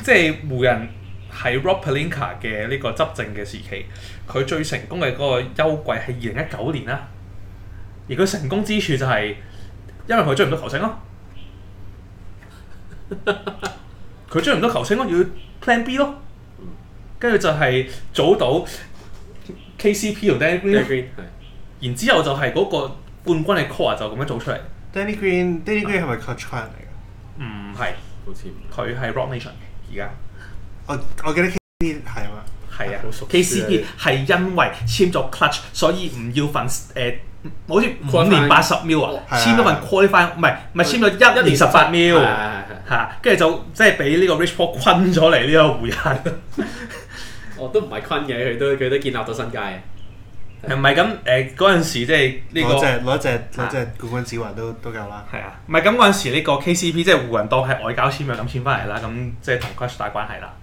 即係湖人。喺 Rob Pelinka 嘅呢個執政嘅時期，佢最成功嘅嗰個休季係二零一九年啦、啊。而佢成功之處就係因為佢追唔到球星咯，佢追唔到球星咯，要 Plan B 咯，跟住就係組到 KCP 同、啊、Danny Green，然之後就係嗰個冠軍嘅 core 就咁樣做出嚟。Danny Green，Danny Green 係咪 Croatian 嚟噶？唔係、嗯，好似佢係 Roc Nation 而家。我我記得 KCP 係嘛？係啊，KCP 係因為簽咗 clutch，所以唔要份誒，好似五年八十秒啊，簽咗份 qualify 唔係唔係簽咗一一年十八秒，嚇，跟住就即係俾呢個 Rich Paul 困咗嚟呢個湖人。我都唔係困嘅，佢都佢都建立咗新界。誒唔係咁誒嗰陣時即係呢個攞隻攞隻攞隻冠軍指環都都有啦。係啊，唔係咁嗰陣時呢個 KCP 即係湖人當係外交簽嘅咁簽翻嚟啦，咁即係同 clutch 打關係啦。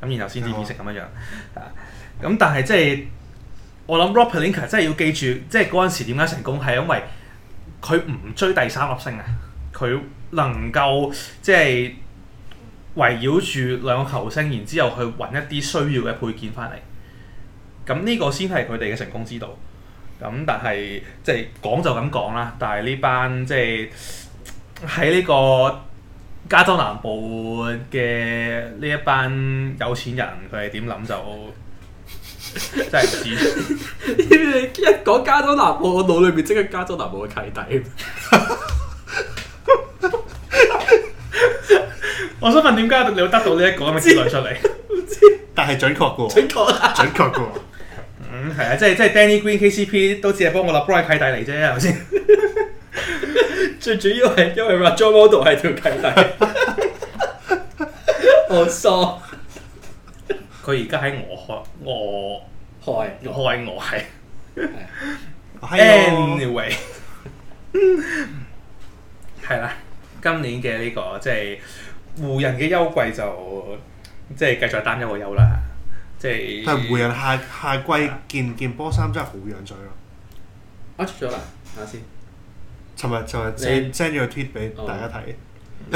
咁然後先至意識咁樣樣，咁 但係即係我諗 Rob Pelinka 真係要記住，即係嗰陣時點解成功係因為佢唔追第三粒星啊！佢能夠即係圍繞住兩個球星，然之後去揾一啲需要嘅配件翻嚟。咁呢個先係佢哋嘅成功之道。咁但係即係講就咁講啦。但係呢班即係喺呢個加州南部嘅呢一班有錢人，佢係點諗就真係唔知。 嗯、一講加州南部，我腦裏面即刻加州南部嘅契弟。我想問點解你會得到呢、這、一個咁嘅資料出嚟？唔知，但係準確嘅喎，準確， 準確喎。 嗯，係啊，即係即、就、係、是、Danny Green KCP 都只係幫我立 b r y 契弟嚟啫，係咪先？ 最主要係因為 Rajon Rondo 係條契弟我，我疏佢而家喺我害我害害我係，Anyway 係、 嗯、 啦，今年嘅呢、這個即係湖人嘅休季就即係繼續擔憂個休啦，即係係湖人下下季件件波衫真係好養嘴咯，出咗啦，睇下先。尋日就係 send send 咗個 tweet 俾大家睇，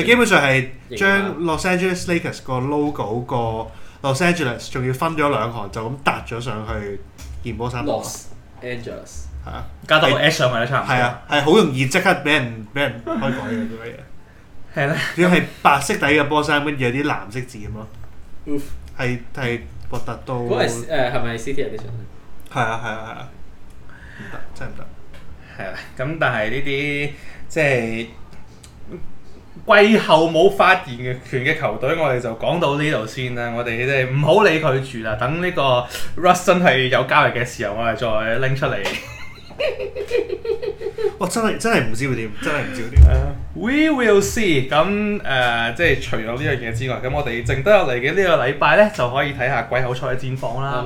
佢基本上係將 Los Angeles Lakers 個 logo 個 Los Angeles 仲要分咗兩行，就咁搭咗上去件波衫。Los Angeles 係啊，加到 S 上去啦，差唔係啊，係好容易即刻俾人俾人開改嘅咁嘅嘢。係咧，點係白色底嘅波衫，跟住有啲藍色字咁咯。係，Oof 係係核突到嗰個係咪 City Edition？係啊係啊係啊，唔得真係唔得。係啦，咁但係呢啲即係季後冇發言權嘅球隊，我哋就講到呢度先啦。我哋即係唔好理佢住啦。等呢個 Russell 係有交易嘅時候，我哋再拎出嚟。哇、 哦！真係真係唔知會點，真係唔知會點。Uh, we will see。咁誒，即係除咗呢樣嘢之外，咁我哋剩得落嚟嘅呢個禮拜咧，就可以睇下季後賽嘅戰況啦。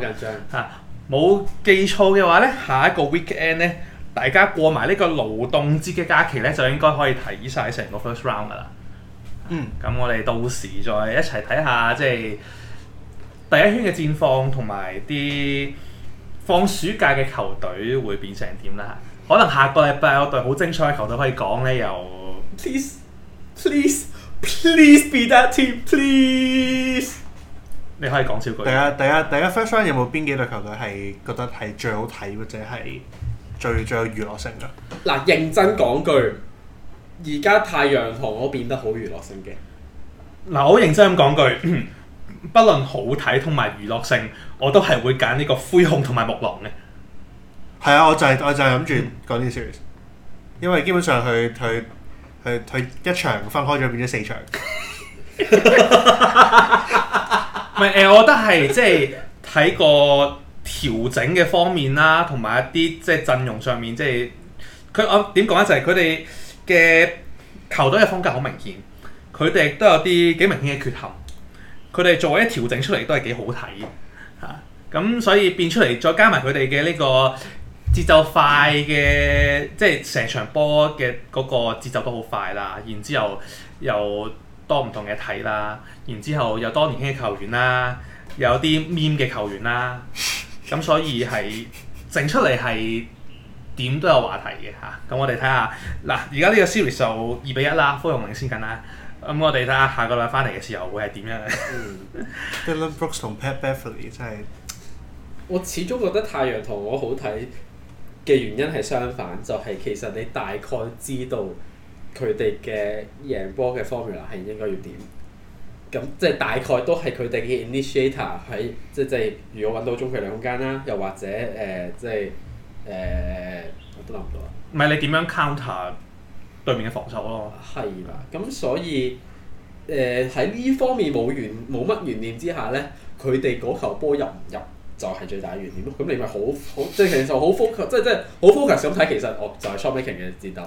嚇！冇、啊、記錯嘅話咧，下一個 Weekend 咧。大家過埋呢個勞動節嘅假期咧，就應該可以睇晒成個 first round 㗎喇。嗯，咁、啊、我哋到時再一齊睇下，即係第一圈嘅戰況同埋啲放暑假嘅球隊會變成點啦。可能下個禮拜有隊好精彩嘅球隊可以講呢。又 please, please please please be that team please。你可以講少句。第一第吧一第一 first round 有冇邊幾隊球隊係覺得係最好睇或者係？最最有娛樂性嘅嗱，認真講句，而家《太陽堂》我都變得好娛樂性嘅。嗱，我好認真咁講句、嗯，不論好睇同埋娛樂性，我都係會揀呢、這個灰熊同埋木狼嘅。係啊、嗯，我就係、是、我就係諗住講啲 series，因為基本上佢佢佢佢一場分開咗變咗四場。唔係、呃、我覺得係即係睇過。調整嘅方面啦，同埋一啲即係陣容上面，即係佢我點講咧？就係佢哋嘅球隊嘅風格好明顯，佢哋都有啲幾明顯嘅缺陷。佢哋作為一調整出嚟都係幾好睇吓，咁、啊、所以變出嚟，再加埋佢哋嘅呢個節奏快嘅，即係成場波嘅嗰個節奏都好快啦。然之後又多唔同嘅睇啦，然之後又多年輕嘅球員啦，又有啲面嘅球員啦。 咁 所以係整出嚟係點都有話題嘅嚇，咁我哋睇下嗱，而家呢個 series 就二比一啦、啊，科隆領先緊啦，咁我哋睇下下個禮拜翻嚟嘅時候會係點樣咧？嗯，Devin Booker 同 Pat Beverly 真、就、係、是， 我始終覺得太陽同我好睇嘅原因係相反，就係、是、其實你大概知道佢哋嘅贏波嘅 formula 係應該要點。咁即係大概都係佢哋嘅 initiator 喺，即係即係如果揾到中距離空間啦，又或者誒、呃、即係誒、呃，我都諗唔到啊！唔係你點樣 counter 對面嘅防守咯？係啦，咁所以誒喺呢方面冇完冇乜懸念之下咧，佢哋嗰球波入唔入就係最大嘅懸念咯。咁你咪好好即係其實好 focus，即係即係好 focus 咁睇，其實我就係 shopping 嘅戰鬥。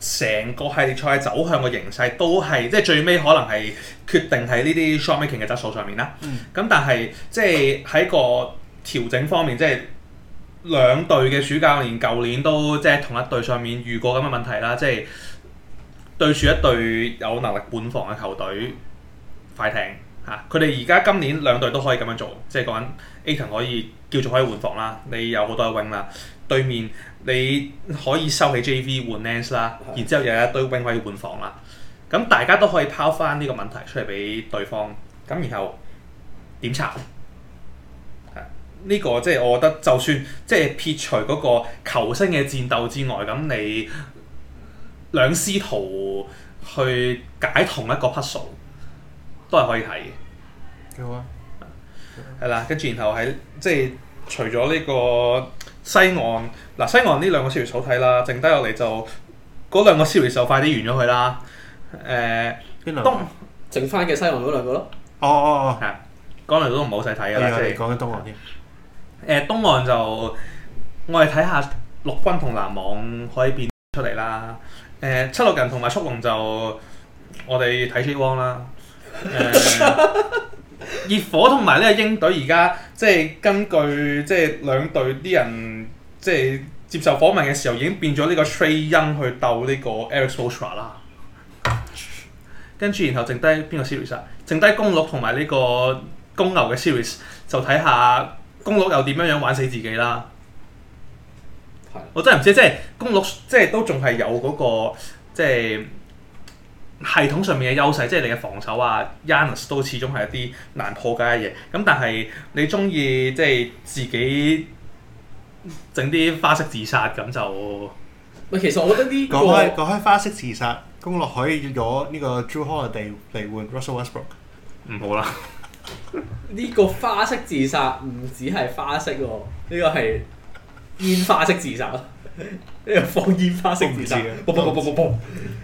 成個系列賽走向嘅形勢都係，即係最尾可能係決定喺呢啲 shotmaking 嘅質素上面啦。咁、嗯、但係即係喺個調整方面，即係兩隊嘅主教練舊年都即係同一隊上面遇過咁嘅問題啦。即係對住一隊有能力換防嘅球隊，嗯、快艇嚇，佢哋而家今年兩隊都可以咁樣做，即係講緊 A 可以叫做可以換防啦。你有好多 wing 啦，對面。你可以收起 JV 換 Nance 啦，然之後又有一堆 wing 要換房啦。咁大家都可以拋翻呢個問題出嚟俾對方，咁然後點查？呢、這個即係我覺得，就算即係撇除嗰個球星嘅戰鬥之外，咁你兩師徒去解同一個 puzzle 都係可以睇嘅。幾好啊，係啦，跟住然後喺即係除咗呢個西岸。嗱，西岸呢兩個 series 好睇啦，剩低落嚟就嗰兩個 series 就快啲完咗佢啦。誒、呃，啊、東剩翻嘅西岸嗰兩個咯。哦，哦哦哦，係、啊，講嚟都唔好使睇嘅啦，即係講緊東岸添。誒、呃，東岸就我哋睇下陸軍同籃網可以變出嚟啦。誒、呃，七六人同埋速龍就我哋睇 J 王啦。熱、 呃、火同埋呢個鷹隊而家即係根據即係兩隊啲人。即係接受訪問嘅時候，已經變咗呢個 Tray 恩去鬥呢個 Alex o t 啦，跟住然後剩低邊個 series？啊？剩低公鹿同埋呢個公牛嘅 series 就睇下公鹿又點樣樣玩死自己啦。的我真係唔知，即係公鹿即係都仲係有嗰、那個即係系統上面嘅優勢，即係你嘅防守啊，Yanis 都始終係一啲難破解嘅嘢。咁但係你中意即係自己。整啲花式自殺咁就喂，其實我覺得呢、這個講開 花式自殺，攻落可以攞呢個 Drew Holiday 嚟換 Russell Westbrook，ok。唔好啦，呢 個花式自殺唔止係花式喎，呢個係煙花式自殺，呢 個放煙花式自殺。嘣嘣嘣嘣嘣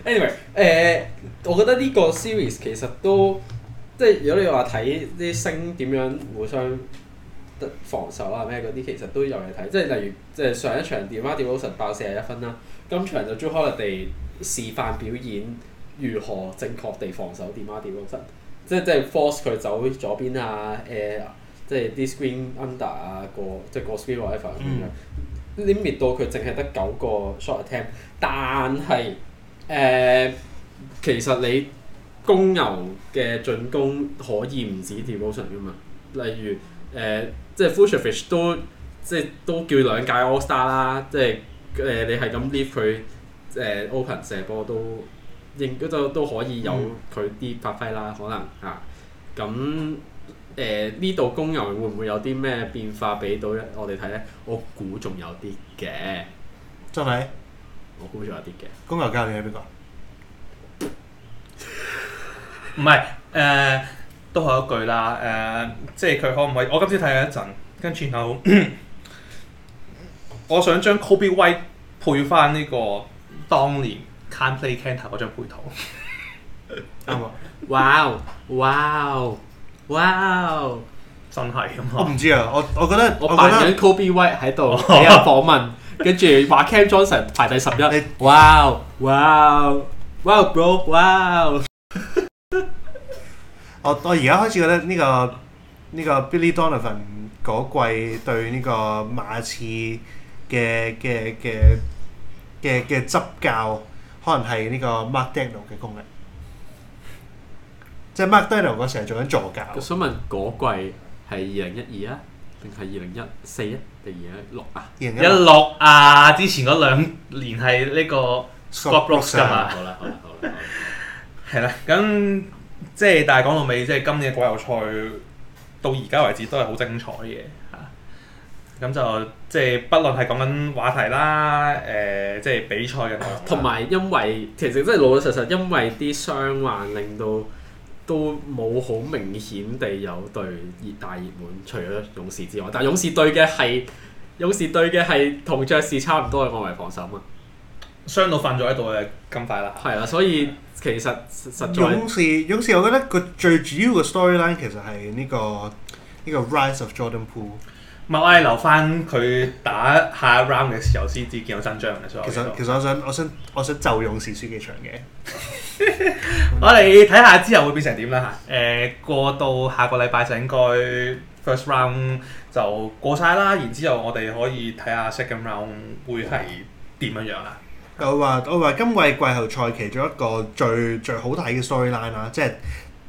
anyway 誒，我覺得呢個 series 其實都即係如果你話睇啲星點樣互相。防守啊，咩嗰啲其實都有嘢睇，即係例如即係上一場，電話 DeRozan 爆四廿一分啦。今場就 Jrue Holiday 示範表演如何正確地防守電話 DeRozan 即係即係 force 佢走左邊啊。誒、呃，即係啲 screen under 啊，過即係過 screen whatever 咁 樣 limit 到佢淨係得九個 shot attempt 但。但係誒，其實你公牛嘅進攻可以唔止 DeRozan 噶嘛？例如。誒、呃，即係 Vucevic 都即係都叫兩屆 All Star 啦，即係誒、呃、你係咁 leave 佢誒 open 射波都應該都，都可以有佢啲發揮啦，可能嚇咁誒呢度公牛會唔會有啲咩變化俾到咧？我哋睇咧，的我估仲有啲嘅，真係我估仲有啲嘅公牛佳人喺邊個？唔係誒。Uh, 都係一句啦，誒，即係佢可唔可以？我今次睇咗一陣，跟住後，我想將 Kobe White 配翻呢個當年 Can't Play Cantor 嗰張配圖。啱啊！Wow, wow, wow！真係咁啊！我唔知啊，我我覺得我扮緊 Kobe White 喺度俾人訪問，跟住話 Cam Johnson 排第十一。Wow, wow, wow, bro, wow！我我而家開始覺得呢個呢個 Billy Donovan 嗰季對呢個馬刺嘅嘅嘅嘅嘅執教，可能係呢個 Mark Daigneault 嘅功力。即係 Mark Daigneault 嗰時係做緊助教。我想問嗰季係二零一二啊，定係二零一四啊，定二零一六啊？一六啊！之前嗰兩年係呢個 Scott Brooks 噶嘛？好啦好啦好啦，係啦咁。即係，但係講到尾，即係今年嘅季後賽到而家為止都係好精彩嘅吓。咁、啊、就即係、就是、不論係講緊話題啦，誒、呃、即、就、係、是、比賽嘅話題。同埋，因為其實真係老老實實，因為啲傷患令到都冇好明顯地有對熱大熱門，除咗勇士之外，但係勇士對嘅係勇士對嘅係同爵士差唔多嘅外圍防守啊。傷到瞓咗喺度嘅咁快啦。係啦，所以。 其實實勇士勇士，勇士我覺得佢最主要嘅 storyline 其實係呢、呢個呢、呢個 Rise of Jordan Poole 唔係，我係留翻佢打下 round 嘅時候先至見有真章嘅。所以其實其實我想我想我想，我想就勇士輸幾場嘅。我哋睇下之後會變成點啦嚇。誒、呃，過到下個禮拜就應該 first round 就過晒啦。然之後我哋可以睇下 second round 會係點樣樣啦。我話我話今季季後賽其中一個最最好睇嘅 storyline 啦、啊，即係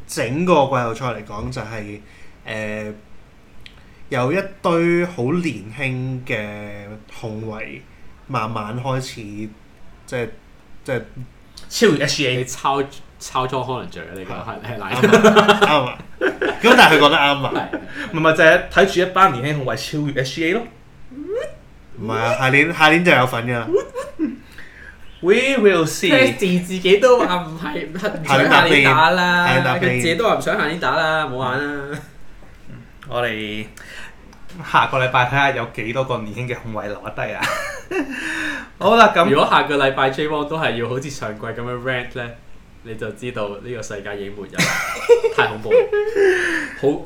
整個季後賽嚟講就係、是、誒、呃、有一堆好年輕嘅控衞慢慢開始即係即係超越 H. A. 你抄抄錯 Conner 嘅啱啊！咁但係佢講得啱啊，唔係 就係睇住一班年輕控衞超越 H. A. 咯，唔係啊！下年下年就有份噶、啊。We will see. 自己都話唔係唔想下年打啦，佢 And the 自己都話唔想下年打啦，唔好玩啦。我哋下個禮拜睇下有幾多個年輕嘅控衛留得低啊！ 好啦，咁如果下個禮拜 Jewel 都係要好似上季咁樣 rap 咧，你就知道呢個世界已經沒有了，太恐怖了。 好，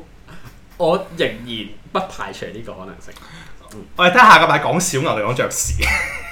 我仍然不排除呢個可能性。 我哋睇下下個禮拜講小牛定講爵士。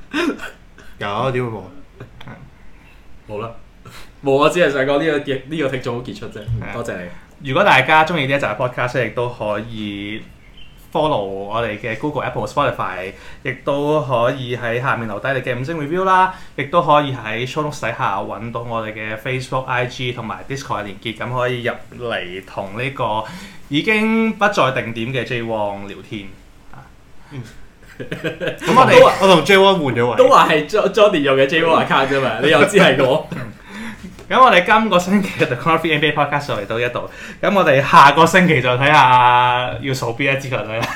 搞點 會冇？冇啦， 冇啊！只係想講呢、這個呢、這個聽早好結束啫。嗯、多謝你。如果大家中意呢一集嘅 podcast，亦都可以 follow 我哋嘅 Google、Apple、Spotify，亦都可以喺下面留低你嘅五星 review 啦。亦都可以喺 show notes 下揾到我哋嘅 Facebook、IG 同埋 Discord 嘅連結，咁可以入嚟同呢個已經不在定點嘅 J Wong 聊天、啊嗯咁我哋我同 Jone 換咗位，都話係 Jo Jordan 用嘅 Jone 卡啫嘛，你又知係我。咁我哋今個星期嘅 The Coffee NBA Podcast 就嚟到呢度，咁我哋下個星期就睇下要數邊一支球隊啦。